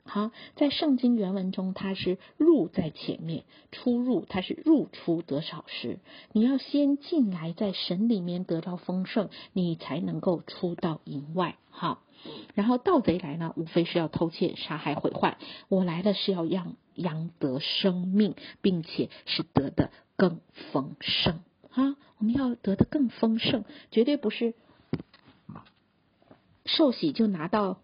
好，在聖經原文中，它是入在前面，出入它是入出得少時，你要先進來，在神裡面得到豐盛，你才能夠出到營外。哈，然後盜賊來呢，無非是要偷竊、殺害、毀壞。我來的是要讓羊得生命，並且是得的更豐盛。哈，我們要得的更豐盛，絕對不是受洗就拿到。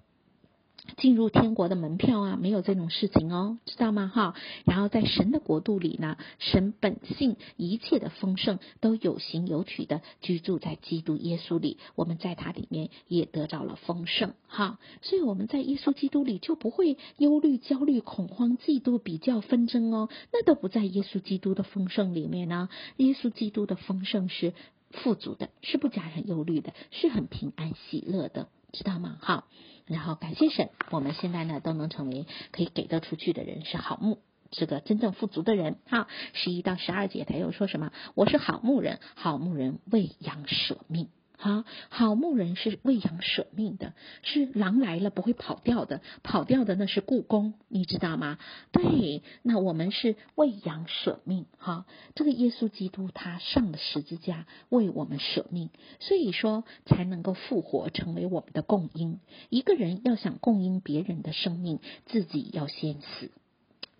進入天國的門票啊，沒有這種事情哦，知道嗎？哈，然後在神的國度裡呢，神本性一切的豐盛都有形有體的居住在基督耶穌裡，我們在他裡面也得到了豐盛，哈。所以我們在耶穌基督裡就不會憂慮、焦慮、恐慌、嫉妒、比較、紛爭哦，那都不在耶穌基督的豐盛裡面呢。耶穌基督的豐盛是富足的，是不加上憂慮的，是很平安喜樂的。知道嗎？好，然後感謝神，我們現在呢都能成為可以給得出去的人，是好牧，是個真正富足的人。好，十一到十二節他又說什麼？我是好牧人，好牧人為羊捨命。好好牧人是為羊捨命的，是狼來了不會跑掉的，跑掉的那是雇工，你知道嗎？對，那我們是為羊捨命，哈，這個耶穌基督他上了十字架為我們舍命，所以說才能夠復活成為我們的供應。一個人要想供應別人的生命，自己要先死，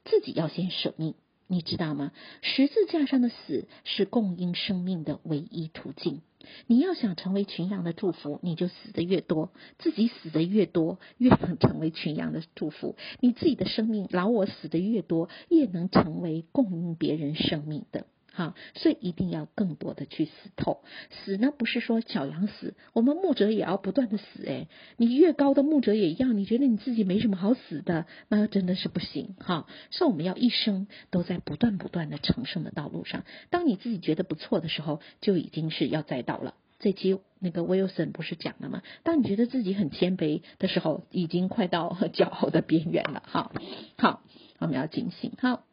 自己要先舍命。你知道嗎？十字架上的死是供應生命的唯一途徑。你要想成為群羊的祝福，你就死得越多，自己死得越多，越能成為群羊的祝福。你自己的生命，老我死得越多，越能成為供應別人生命的。哈，所以一定要更多的去死透。死呢，不是說小羊死，我們牧者，也要不斷的死、欸。哎，你越高的牧者也一樣，你覺得你自己沒什麼好死的，那真的是不行。哈，所以我們要一生都在不斷不斷的成聖的道路上。當你自己覺得不錯的時候，就已經是要栽倒了。這期那個 Wilson 不是講了嗎？當你覺得自己很謙卑的時候，已經快到驕傲的邊緣了。哈，好，我們要警醒。好。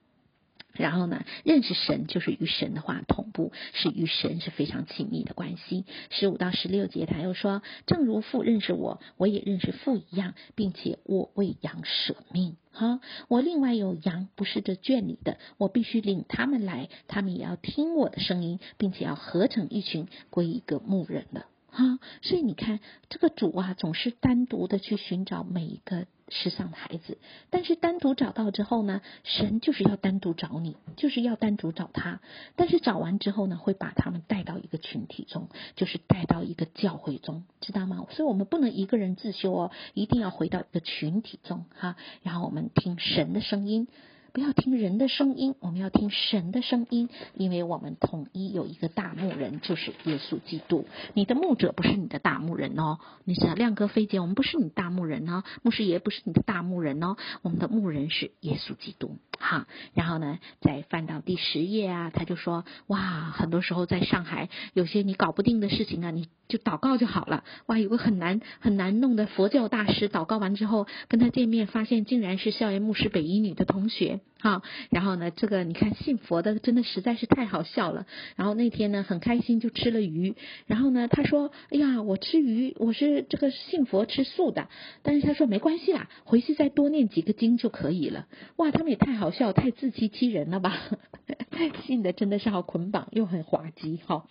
然後呢，認識神就是與神的話同步，是與神是非常親密的關係。十五到十六節，他又說：“正如父認識我，我也認識父一樣，並且我為羊捨命。哈、哦，我另外有羊，不是這圈裡的，我必須領他們來，他們也要聽我的聲音，並且要合成一群，歸一個牧人了。哈、哦，所以你看，這個主啊，總是單獨的去尋找每一個。”失喪的孩子，但是單獨找到之後呢，神就是要單獨找你，就是要單獨找他。但是找完之後呢，會把他們帶到一個群體中，就是帶到一個教會中，知道嗎？所以我們不能一個人自修哦，一定要回到一個群體中哈，然後我們聽神的聲音，不要聽人的聲音，我們要聽神的聲音，因為我們統一有一個大牧人，就是耶穌基督。你的牧者不是你的大牧人哦，你知道亮哥、菲姐，我們不是你大牧人哦，牧師爺不是你的大牧人哦，我們的牧人是耶穌基督哈。然後呢，再翻到第十頁啊，他就說哇，很多時候在上海有些你搞不定的事情啊，你就禱告就好了。哇，有個很難很難弄的佛教大師，禱告完之後跟他見面，發現竟然是校園牧師北一女的同學。好，然後呢，這個你看，信佛的真的實在是太好笑了。然後那天呢，很開心就吃了魚。然後呢，他說：“哎呀，我吃魚，我是這個信佛吃素的。”但是他說沒關係啦，回去再多念幾個經就可以了。哇，他們也太好笑，太自欺欺人了吧？呵呵信的真的是好捆綁，又很滑稽哈、哦。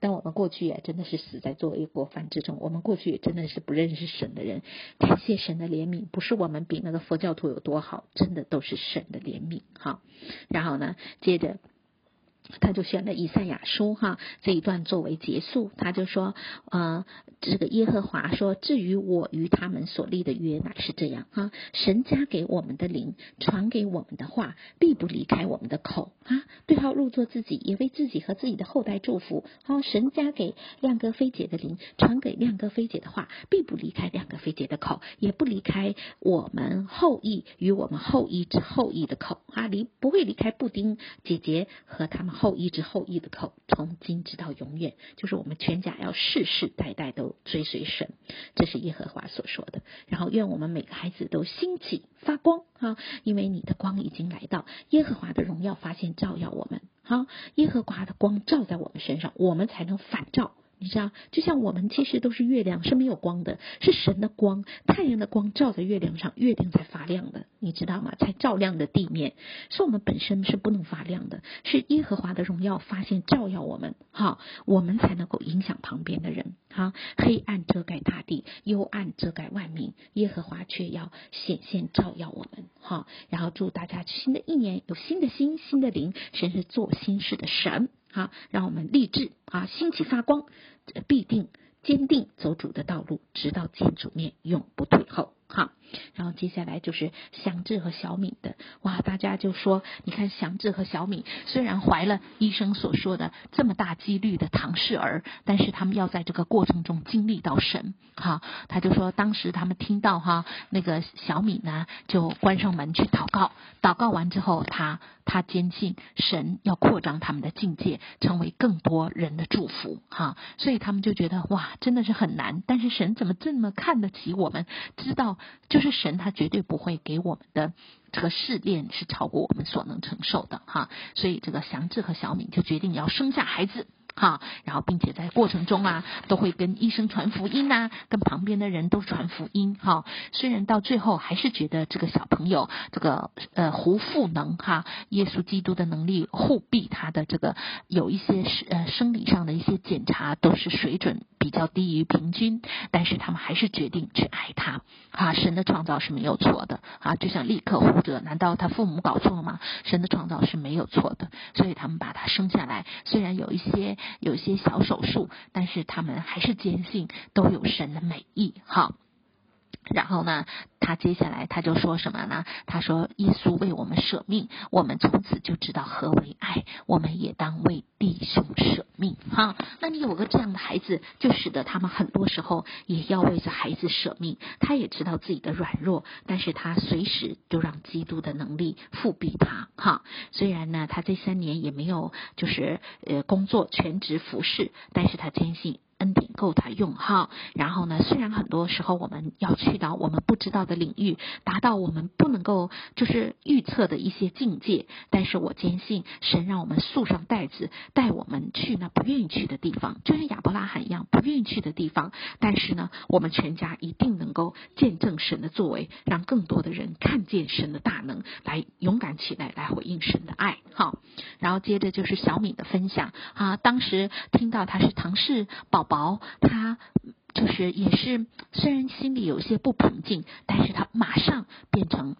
但我們過去也真的是死在罪惡過犯之中。我們過去也真的是不認識神的人。感謝神的憐憫，不是我們比那個佛教徒有多好，真的都是神的憐憫。憐憫，好，然後呢，接着。他就選了以賽亞書哈這一段作為結束，他就說，呃，這個耶和華說，至於我與他們所立的約乃是這樣哈、啊，神加給我們的靈傳給我們的話，必不離開我們的口啊。對號入座，自己也為自己和自己的後代祝福。好、啊，神加給亮哥菲姐的靈傳給亮哥菲姐的話，必不離開亮哥菲姐的口，也不離開我們後裔與我們後裔之後裔的口啊，離不會離開布丁姐姐和他們。後羿之後羿的口，從今直到永遠，就是我們全家要世世代代都追隨神，這是耶和華所說的。然後願我們每個孩子都興起發光啊！因為你的光已經來到，耶和華的榮耀發現照耀我們哈、啊，耶和華的光照在我們身上，我們才能反照。你知道，就像我們其實都是月亮，是沒有光的，是神的光，太陽的光照在月亮上，月亮才發亮的，你知道嗎？才照亮的地面，是我們本身是不能發亮的，是耶和華的榮耀發現照耀我們，哈，我們才能夠影響旁邊的人，哈，黑暗遮蓋大地，幽暗遮蓋萬民，耶和華卻要顯現照耀我們，哈，然後祝大家新的一年有新的心，新的靈，神是做新事的神。啊，讓我們立志啊，興起發光，必定堅定走主的道路，直到見主面，永不退後。好、啊。然後接下來就是祥志和小敏的哇，大家就說，你看祥志和小敏雖然懷了醫生所說的這麼大幾率的唐氏兒，但是他們要在這個過程中經歷到神哈、啊。他就說，當時他們聽到哈，那個小米呢就關上門去禱告，禱告完之後他，他他堅信神要擴張他們的境界，成為更多人的祝福哈、啊。所以他們就覺得哇，真的是很難，但是神怎麼這麼看得起我們？知道就。就是神，他絕對不會給我們的這個試煉是超過我們所能承受的哈，所以這個祥志和小敏就決定要生下孩子。哈，然後並且在過程中啊，都會跟醫生傳福音吶、啊，跟旁邊的人都傳福音哈。雖然到最後還是覺得這個小朋友這個呃胡賦能哈，耶穌基督的能力護庇他的這個，有一些是呃生理上的一些檢查都是水準比較低於平均，但是他們還是決定去愛他哈。神的創造是沒有錯的啊，就像立刻胡得，難道他父母搞錯了嗎？神的創造是沒有錯的，所以他們把他生下來，雖然有一些。有些小手術，但是他們還是堅信都有神的美意，哈。然後呢，他接下來他就說什麼呢？他說：“耶穌為我們捨命，我們從此就知道何為愛，我們也當為弟兄捨命。”哈，那你有個這樣的孩子，就使得他們很多時候也要為着孩子捨命。他也知道自己的軟弱，但是他隨時就讓基督的能力復辟他。哈，雖然呢，他這三年也沒有就是呃工作全職服侍，但是他堅信。恩典夠他用哈，然後呢，雖然很多時候我們要去到我們不知道的領域，達到我們不能夠就是預測的一些境界，但是我堅信神讓我們束上帶子，帶我們去那不願意去的地方，就像亞伯拉罕一樣不願意去的地方，但是呢，我們全家一定能夠見證神的作為，讓更多的人看見神的大能，來勇敢起來，來回應神的愛哈。然後接着就是小敏的分享啊，當時聽到他是唐氏寶。薄他就是也是雖然心裡有些不平靜，但是他馬上變成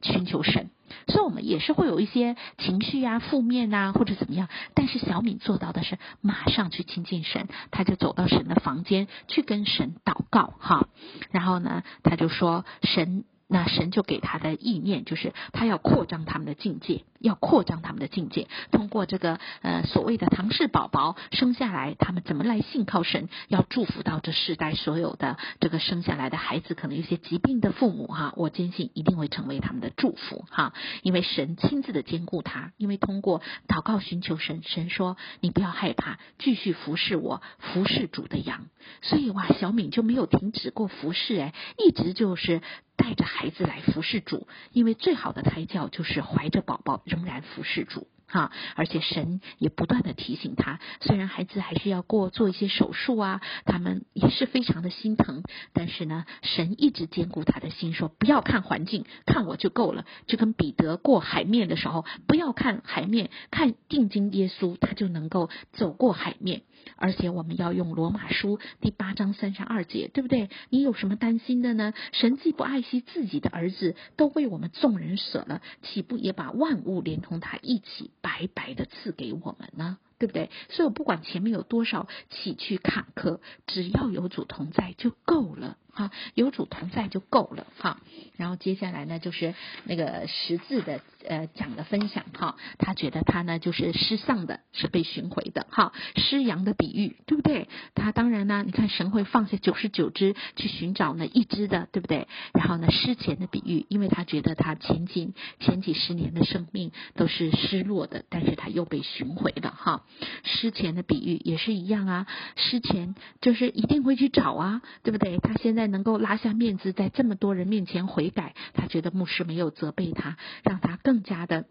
尋求神。所以，我們也是會有一些情緒啊、負面吶、啊，或者怎麼樣。但是，小敏做到的是馬上去親近神，他就走到神的房間去跟神禱告哈。然後呢，他就說神。那神就給他的意念就是，他要擴張他們的境界，要擴張他們的境界。通過這個呃所謂的唐氏寶寶生下來，他們怎麼來信靠神？要祝福到這世代所有的這個生下來的孩子，可能有些疾病的父母哈、啊，我堅信一定會成為他們的祝福哈、啊，因為神親自的兼顧他，因為通過禱告尋求神，神說你不要害怕，繼續服侍我，服侍主的羊。所以哇，小敏就沒有停止過服侍、欸，哎，一直就是。帶着孩子來服侍主，因為最好的胎教就是懷着寶寶仍然服侍主。哈，而且神也不斷的提醒他，雖然孩子還是要過做一些手術啊，他們也是非常的心疼，但是呢，神一直堅固他的心說，說不要看環境，看我就夠了，就跟彼得過海面的時候，不要看海面，看定睛耶穌，他就能夠走過海面。而且我們要用羅馬書第八章三十二節，對不對？你有什麼擔心的呢？神既不愛惜自己的兒子，都為我們眾人捨了，豈不也把萬物連同他一起？白白的賜給我們呢，對不對？所以我不管前面有多少崎嶇坎坷，只要有主同在就夠了。哈，有主同在就夠了哈。然後接下來呢，就是那個十字的呃講的分享哈。他覺得他呢，就是失喪的，是被尋回的哈。失羊的比喻，對不對？他當然呢，你看神會放下九十九隻去尋找那一隻的，對不對？然後呢，失錢的比喻，因為他覺得他前幾前幾十年的生命都是失落的，但是他又被尋回了哈。失錢的比喻也是一樣啊，失錢就是一定會去找啊，對不對？他現在。能夠拉下面子，在這麼多人面前悔改，他覺得牧師沒有責備他，讓他更加的。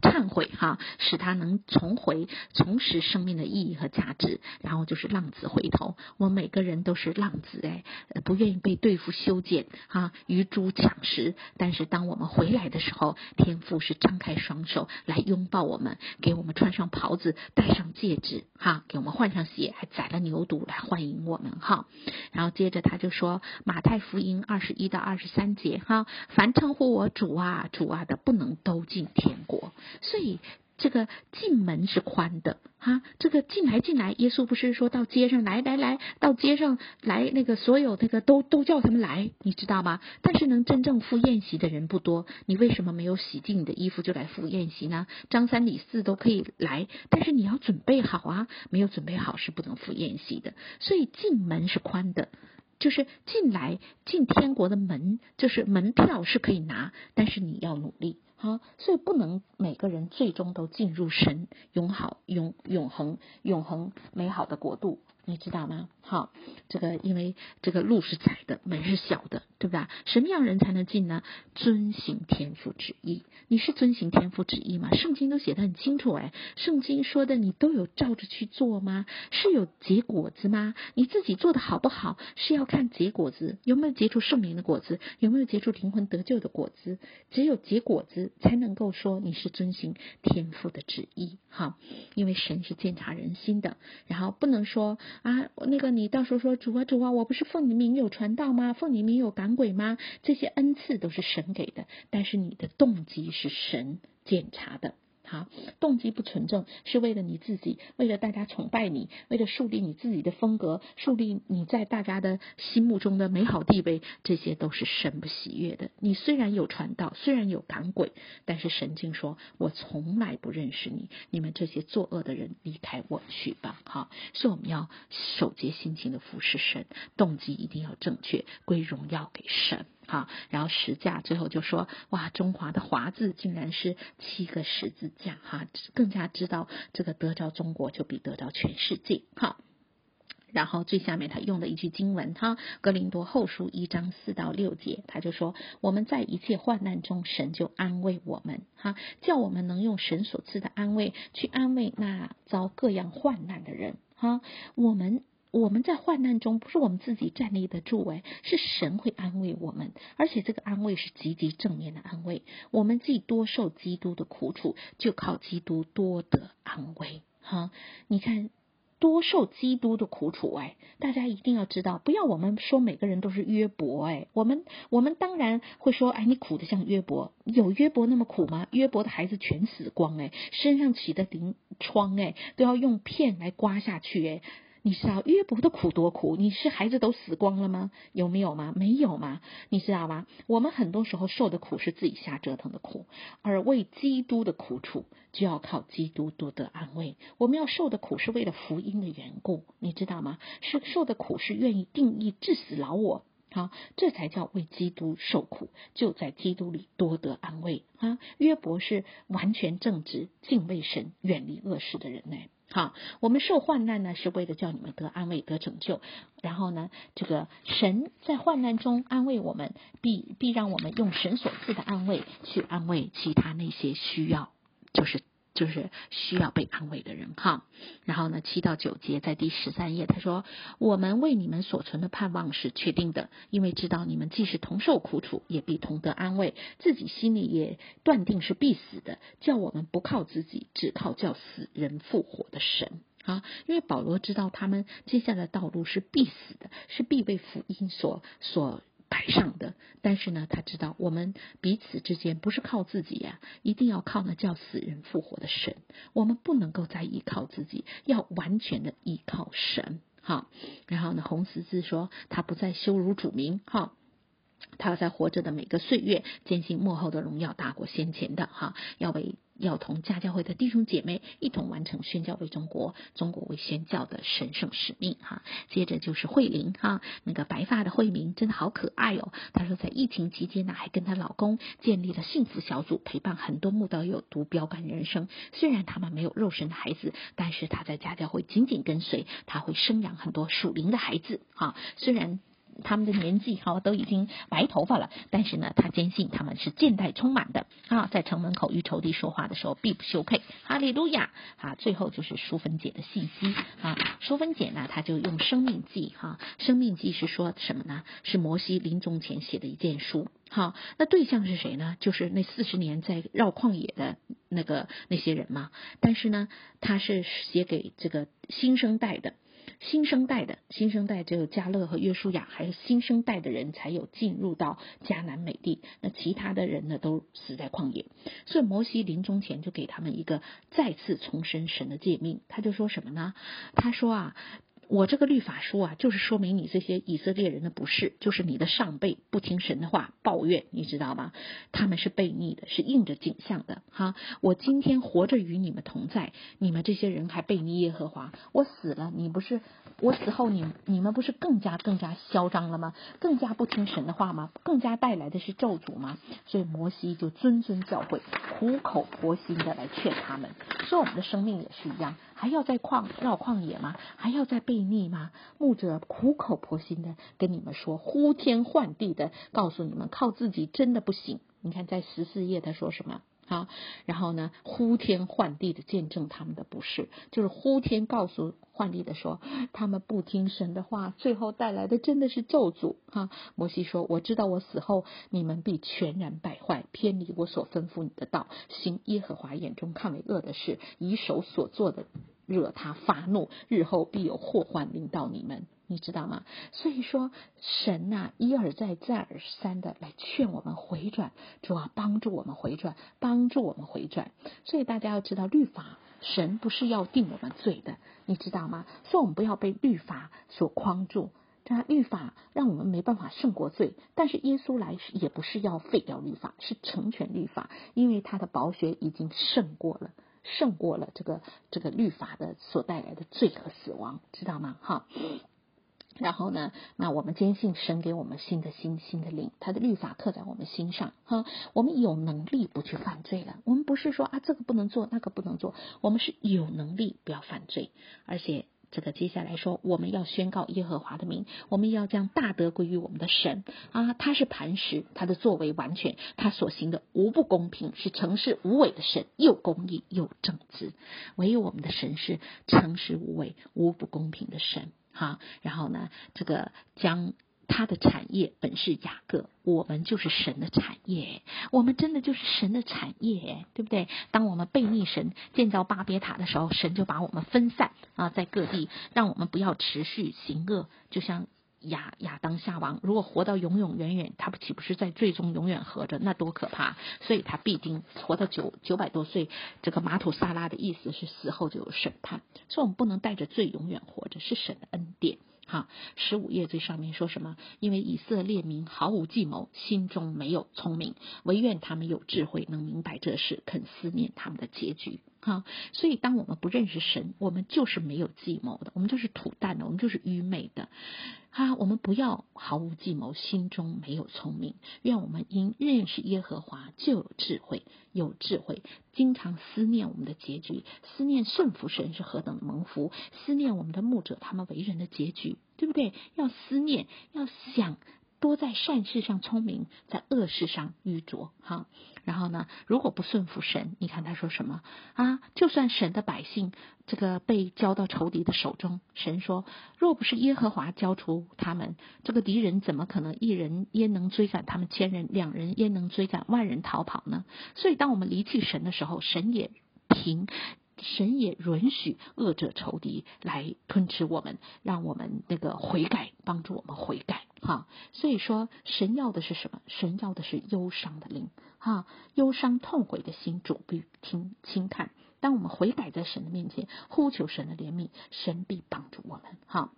懺悔哈，使他能重回、重拾生命的意義和價值，然後就是浪子回頭。我們每個人都是浪子，哎，不願意被對付、修剪哈，與豬搶食。但是當我們回來的時候，天父是張開雙手來擁抱我們，給我們穿上袍子，戴上戒指哈，給我們換上鞋，還宰了牛犢來歡迎我們哈。然後接着他就說，《馬太福音》二十一到二十三節哈，凡稱呼我主啊、主啊的，不能都進天國。所以這個進門是寬的哈、啊，這個進來進來，耶穌不是說到街上來來來到街上來那個所有那個都都叫他們來，你知道嗎？但是能真正赴宴席的人不多，你為什麼沒有洗淨你的衣服就來赴宴席呢？張三李四都可以來，但是你要準備好啊，沒有準備好是不能赴宴席的。所以進門是寬的，就是進來進天國的門，就是門票是可以拿，但是你要努力。啊，所以不能每個人最終都進入神永好，永永恆、永恆美好的國度，你知道嗎？好，這個因為這個路是窄的，門是小的，對吧？什麼樣人才能進呢？遵行天父旨意，你是遵行天父旨意嗎？聖經都寫得很清楚、欸，哎，聖經說的你都有照着去做嗎？是有結果子嗎？你自己做的好不好？是要看結果子有沒有結出聖明的果子，有沒有結出靈魂得救的果子？只有結果子才能夠說你是遵行天父的旨意。哈，因為神是鑒察人心的，然後不能說啊那個。你到時候說，主啊主啊，我不是奉你名有傳道嗎？奉你名有趕鬼嗎？這些恩賜都是神給的，但是你的動機是神檢查的。哈，動機不純正，是為了你自己，為了大家崇拜你，為了樹立你自己的風格，樹立你在大家的心目中的美好地位，這些都是神不喜悅的。你雖然有傳道，雖然有趕鬼，但是神經說：“我從來不認識你，你們這些作惡的人，離開我去吧。”好哈，所以我們要守節心情的服侍神，動機一定要正確，歸榮耀給神。好，然後十架，最後就說，哇，中華的華字竟然是七個十字架，哈，更加知道這個得到中國就比得到全世界。好，然後最下面他用了一句經文，哈，《哥林多後書》一章四到六節，他就說，我們在一切患難中，神就安慰我們，哈，叫我們能用神所賜的安慰去安慰那遭各樣患難的人，哈，我們。我們在患難中，不是我們自己站立得住誒，是神會安慰我們，而且這個安慰是積極正面的安慰。我們既多受基督的苦楚，就靠基督多得安慰哈。你看，多受基督的苦楚誒，大家一定要知道，不要我們說每個人都是約伯誒，我們我們當然會說哎，你苦得像約伯，有約伯那麼苦嗎？約伯的孩子全死光誒，身上起的鱗瘡誒，都要用片來刮下去誒。你知道約伯的苦多苦？你是孩子都死光了嗎？有沒有嗎？沒有嗎？你知道嗎？我們很多時候受的苦是自己瞎折騰的苦，而為基督的苦楚就要靠基督多得安慰。我們要受的苦是為了福音的緣故，你知道嗎？是受的苦是願意定義致死老我好、啊，這才叫為基督受苦，就在基督裡多得安慰啊。約伯是完全正直、敬畏神、遠離惡事的人呢、欸。好，我們受患難呢，是為了叫你們得安慰，得拯救。然後呢，這個神在患難中安慰我們，必必讓我們用神所賜的安慰去安慰其他那些需要，就是。就是需要被安慰的人哈，然後呢，七到九節在第十三頁，他說：“我們為你們所存的盼望是確定的，因為知道你們既是同受苦楚，也必同得安慰。自己心裡也斷定是必死的，叫我們不靠自己，只靠叫死人復活的神啊！因為保羅知道他們接下來道路是必死的，是必被福音所所。”檯上的，但是呢，他知道我們彼此之間不是靠自己呀、啊，一定要靠那叫死人復活的神。我們不能夠再依靠自己，要完全的依靠神。哈，然後呢，紅十字說他不再羞辱主名，哈，他要在活着的每個歲月堅信幕後的榮耀大過先前的，哈，要為。要同家教會的弟兄姐妹一同完成宣教為中國，中國為宣教的神聖使命哈、啊。接着就是慧琳。哈，那個白髮的慧琳真的好可愛哦。她說在疫情期間呢，還跟她老公建立了幸福小組，陪伴很多慕道友讀標杆人生。雖然他們沒有肉身的孩子，但是她在家教會緊緊跟隨，她會生養很多屬靈的孩子哈、啊。雖然。他們的年紀哈，都已經白頭髮了，但是呢，他堅信他們是箭袋充滿的啊。在城門口與仇敵說話的時候，必不羞愧。哈利路亞啊！最後就是淑芬姐的信息啊。淑芬姐呢，她就用申命記《申命記》哈，《申命記》是說什麼呢？是摩西臨終前寫的一卷書哈。那對象是誰呢？就是那四十年在繞曠野的那個那些人嘛。但是呢，他是寫給這個新生代的。新生代的新生代只有加勒和約書亞，還有新生代的人才有進入到迦南美地，那其他的人呢，都死在曠野。所以摩西臨終前就給他們一個再次重申神的誡命，他就說什麼呢？他說啊。我這個律法書啊，就是說明你這些以色列人的不是，就是你的上輩不聽神的話抱怨，你知道嗎？他們是悖逆的，是硬著頸項的哈。我今天活着與你們同在，你們這些人還悖逆耶和華。我死了，你不是我死後你你們不是更加更加囂張了嗎？更加不聽神的話嗎？更加帶來的是咒詛嗎？所以摩西就諄諄教誨，苦口婆心的來勸他們。所以我們的生命也是一樣，還要在曠繞曠野嗎？還要在背。你嗎？牧者苦口婆心的跟你們說，呼天喚地的告訴你們，靠自己真的不行。你看，在十四頁他說什麼啊？然後呢，呼天喚地的見證他們的不是，就是呼天告訴喚地的說，他們不聽神的話，最後帶來的真的是咒詛啊！摩西說，我知道我死後，你們必全然敗壞，偏離我所吩咐你的道。行耶和華眼中看為惡的事，以手所做的。惹他發怒，日後必有禍患臨到你們，你知道嗎？所以說，神吶、啊，一而再，再而三的來勸我們回轉，主要、啊、幫助我們回轉，幫助我們回轉。所以大家要知道，律法神不是要定我們罪的，你知道嗎？所以我們不要被律法所框住，這律法讓我們沒辦法勝過罪。但是耶穌來時也不是要廢掉律法，是成全律法，因為他的寶血已經勝過了。勝過了這個這個律法的所帶來的罪和死亡，知道嗎？哈，然後呢，那我們堅信神給我們新的心、新的靈，他的律法刻在我們心上，哈，我們有能力不去犯罪了。我們不是說啊這個不能做，那個不能做，我們是有能力不要犯罪，而且。這個接下來說，我們要宣告耶和華的名，我們要將大德歸於我們的神啊！他是磐石，他的作為完全，他所行的無不公平，是誠實無偽的神，又公義又正直。唯有我們的神是誠實無偽、無不公平的神。哈、啊，然後呢，這個將。他的產業本是雅各，我們就是神的產業，我們真的就是神的產業，對不對？當我們悖逆神建造巴別塔的時候，神就把我們分散啊在各地，讓我們不要持續行惡。就像亞亞當夏娃，如果活到永永遠遠，他豈不是在最終永遠活着？那多可怕！所以他必定活到九九百多歲。這個瑪土撒拉的意思是死後就有審判，所以我們不能帶着罪永遠活着，是神的恩典。哈，十五頁最上面說什麼？因為以色列民毫無計謀，心中沒有聰明，唯願他們有智慧，能明白這事，肯思念他們的結局。哈，所以當我們不認識神，我們就是沒有計謀的，我們就是土蛋的，我們就是愚昧的。哈、啊，我們不要毫無計謀，心中沒有聰明。願我們因認識耶和華就有智慧，有智慧，經常思念我們的結局，思念順服神是何等的蒙福，思念我們的牧者他們為人的結局，對不對？要思念，要想多在善事上聰明，在惡事上愚拙。哈。然後呢，如果不順服神，你看他說什麼啊？就算神的百姓這個被交到仇敵的手中，神說，若不是耶和華交出他們，這個敵人怎麼可能一人焉能追趕他們千人，兩人焉能追趕萬人逃跑呢？所以，當我們離棄神的時候，神也平。神也允許惡者仇敵來吞吃我們，讓我們那個悔改，幫助我們悔改，哈、哦。所以說，神要的是什麼？神要的是憂傷的靈，哈、哦，憂傷痛悔的心，主必不輕看。當我們悔改在神的面前，呼求神的憐憫，神必幫助我們，哈、哦。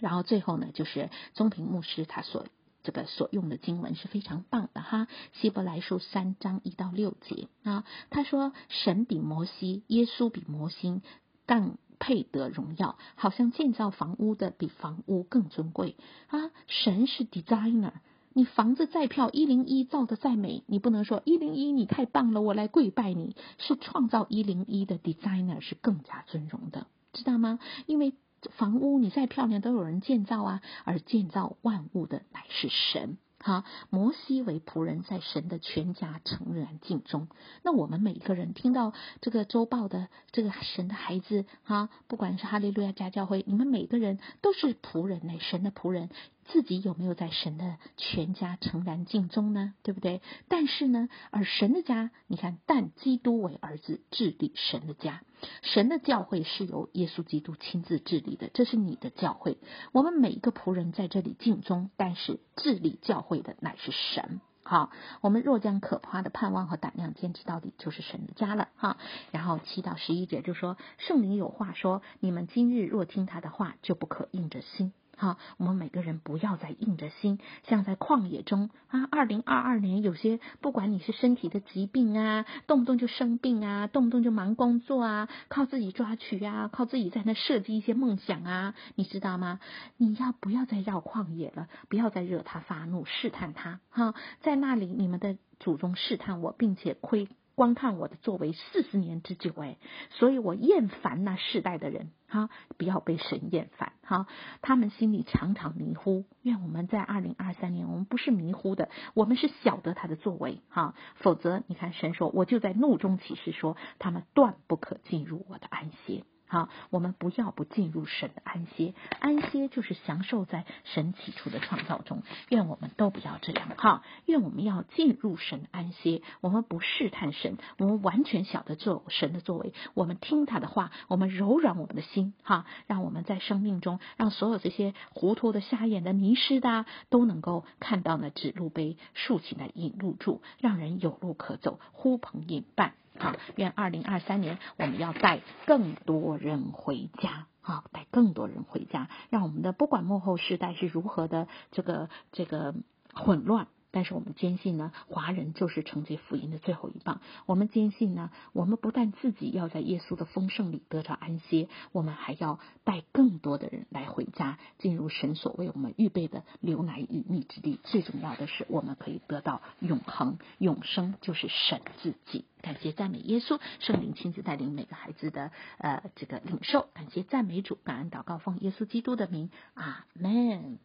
然後最後呢，就是宗平牧師他所。這個所用的經文是非常棒的哈，《希伯來書》三章一到六節啊，他說：“神比摩西，耶穌比摩西更配得榮耀，好像建造房屋的比房屋更尊貴啊。”神是 designer，你房子再漂亮，一零一造得再美，你不能說一零一你太棒了，我來跪拜，你是創造一零一的 designer 是更加尊榮的，知道嗎？因為房屋你再漂亮都有人建造啊，而建造萬物的乃是神哈、啊。摩西為僕人在神的全家誠然盡忠。那我們每一個人聽到這個週報的這個神的孩子哈、啊，不管是哈利路亞家教會，你們每個人都是僕人嘞、哎，神的僕人。自己有沒有在神的全家誠然盡忠呢？對不對？但是呢，而神的家，你看，但基督為兒子治理神的家，神的教會是由耶穌基督親自治理的，這是你的教會。我們每一個僕人在這裡盡忠，但是治理教會的乃是神。好，我們若將可怕的盼望和膽量堅持到底，就是神的家了哈。然後七到十一節就說，聖靈有話說：你們今日若聽他的話，就不可硬着心。好，我們每個人不要再硬着心，像在曠野中啊。二零二二年有些，不管你是身體的疾病啊，動不動就生病啊，動不動就忙工作啊，靠自己抓取啊，靠自己在那設計一些夢想啊，你知道嗎？你要不要再繞曠野了，不要再惹他發怒，試探他哈，啊，在那裡你們的祖宗試探我，並且虧。觀看我的作為四十年之久，哎，所以我厭煩那世代的人，哈，不要被神厭煩，哈，他們心裡常常迷糊。願我們在二零二三年，我們不是迷糊的，我們是曉得他的作為，哈。否則，你看神說，我就在怒中起誓，說他們斷不可進入我的安息。好，我們不要不進入神的安歇，安歇就是享受在神起初的創造中。願我們都不要這樣哈，願我們要進入神的安歇。我們不試探神，我們完全曉得作神的作為。我們聽他的話，我們柔軟我們的心哈，讓我們在生命中，讓所有這些糊塗的、瞎眼的、迷失的、啊，都能夠看到那指路碑豎起來，引路柱，讓人有路可走，呼朋引伴。好，願二零二三年我們要帶更多人回家啊，帶更多人回家，讓我們的不管幕後時代是如何的這個這個混亂。但是我們堅信呢，華人就是承接福音的最後一棒。我們堅信呢，我們不但自己要在耶穌的豐盛裡得着安歇，我們還要帶更多的人來回家，進入神所為我們預備的流奶與蜜之地。最重要的是，我們可以得到永恆永生，就是神自己。感謝讚美耶穌，聖靈親自帶領每個孩子的呃，這個領受。感謝讚美主，感恩禱告，奉耶穌基督的名，阿門。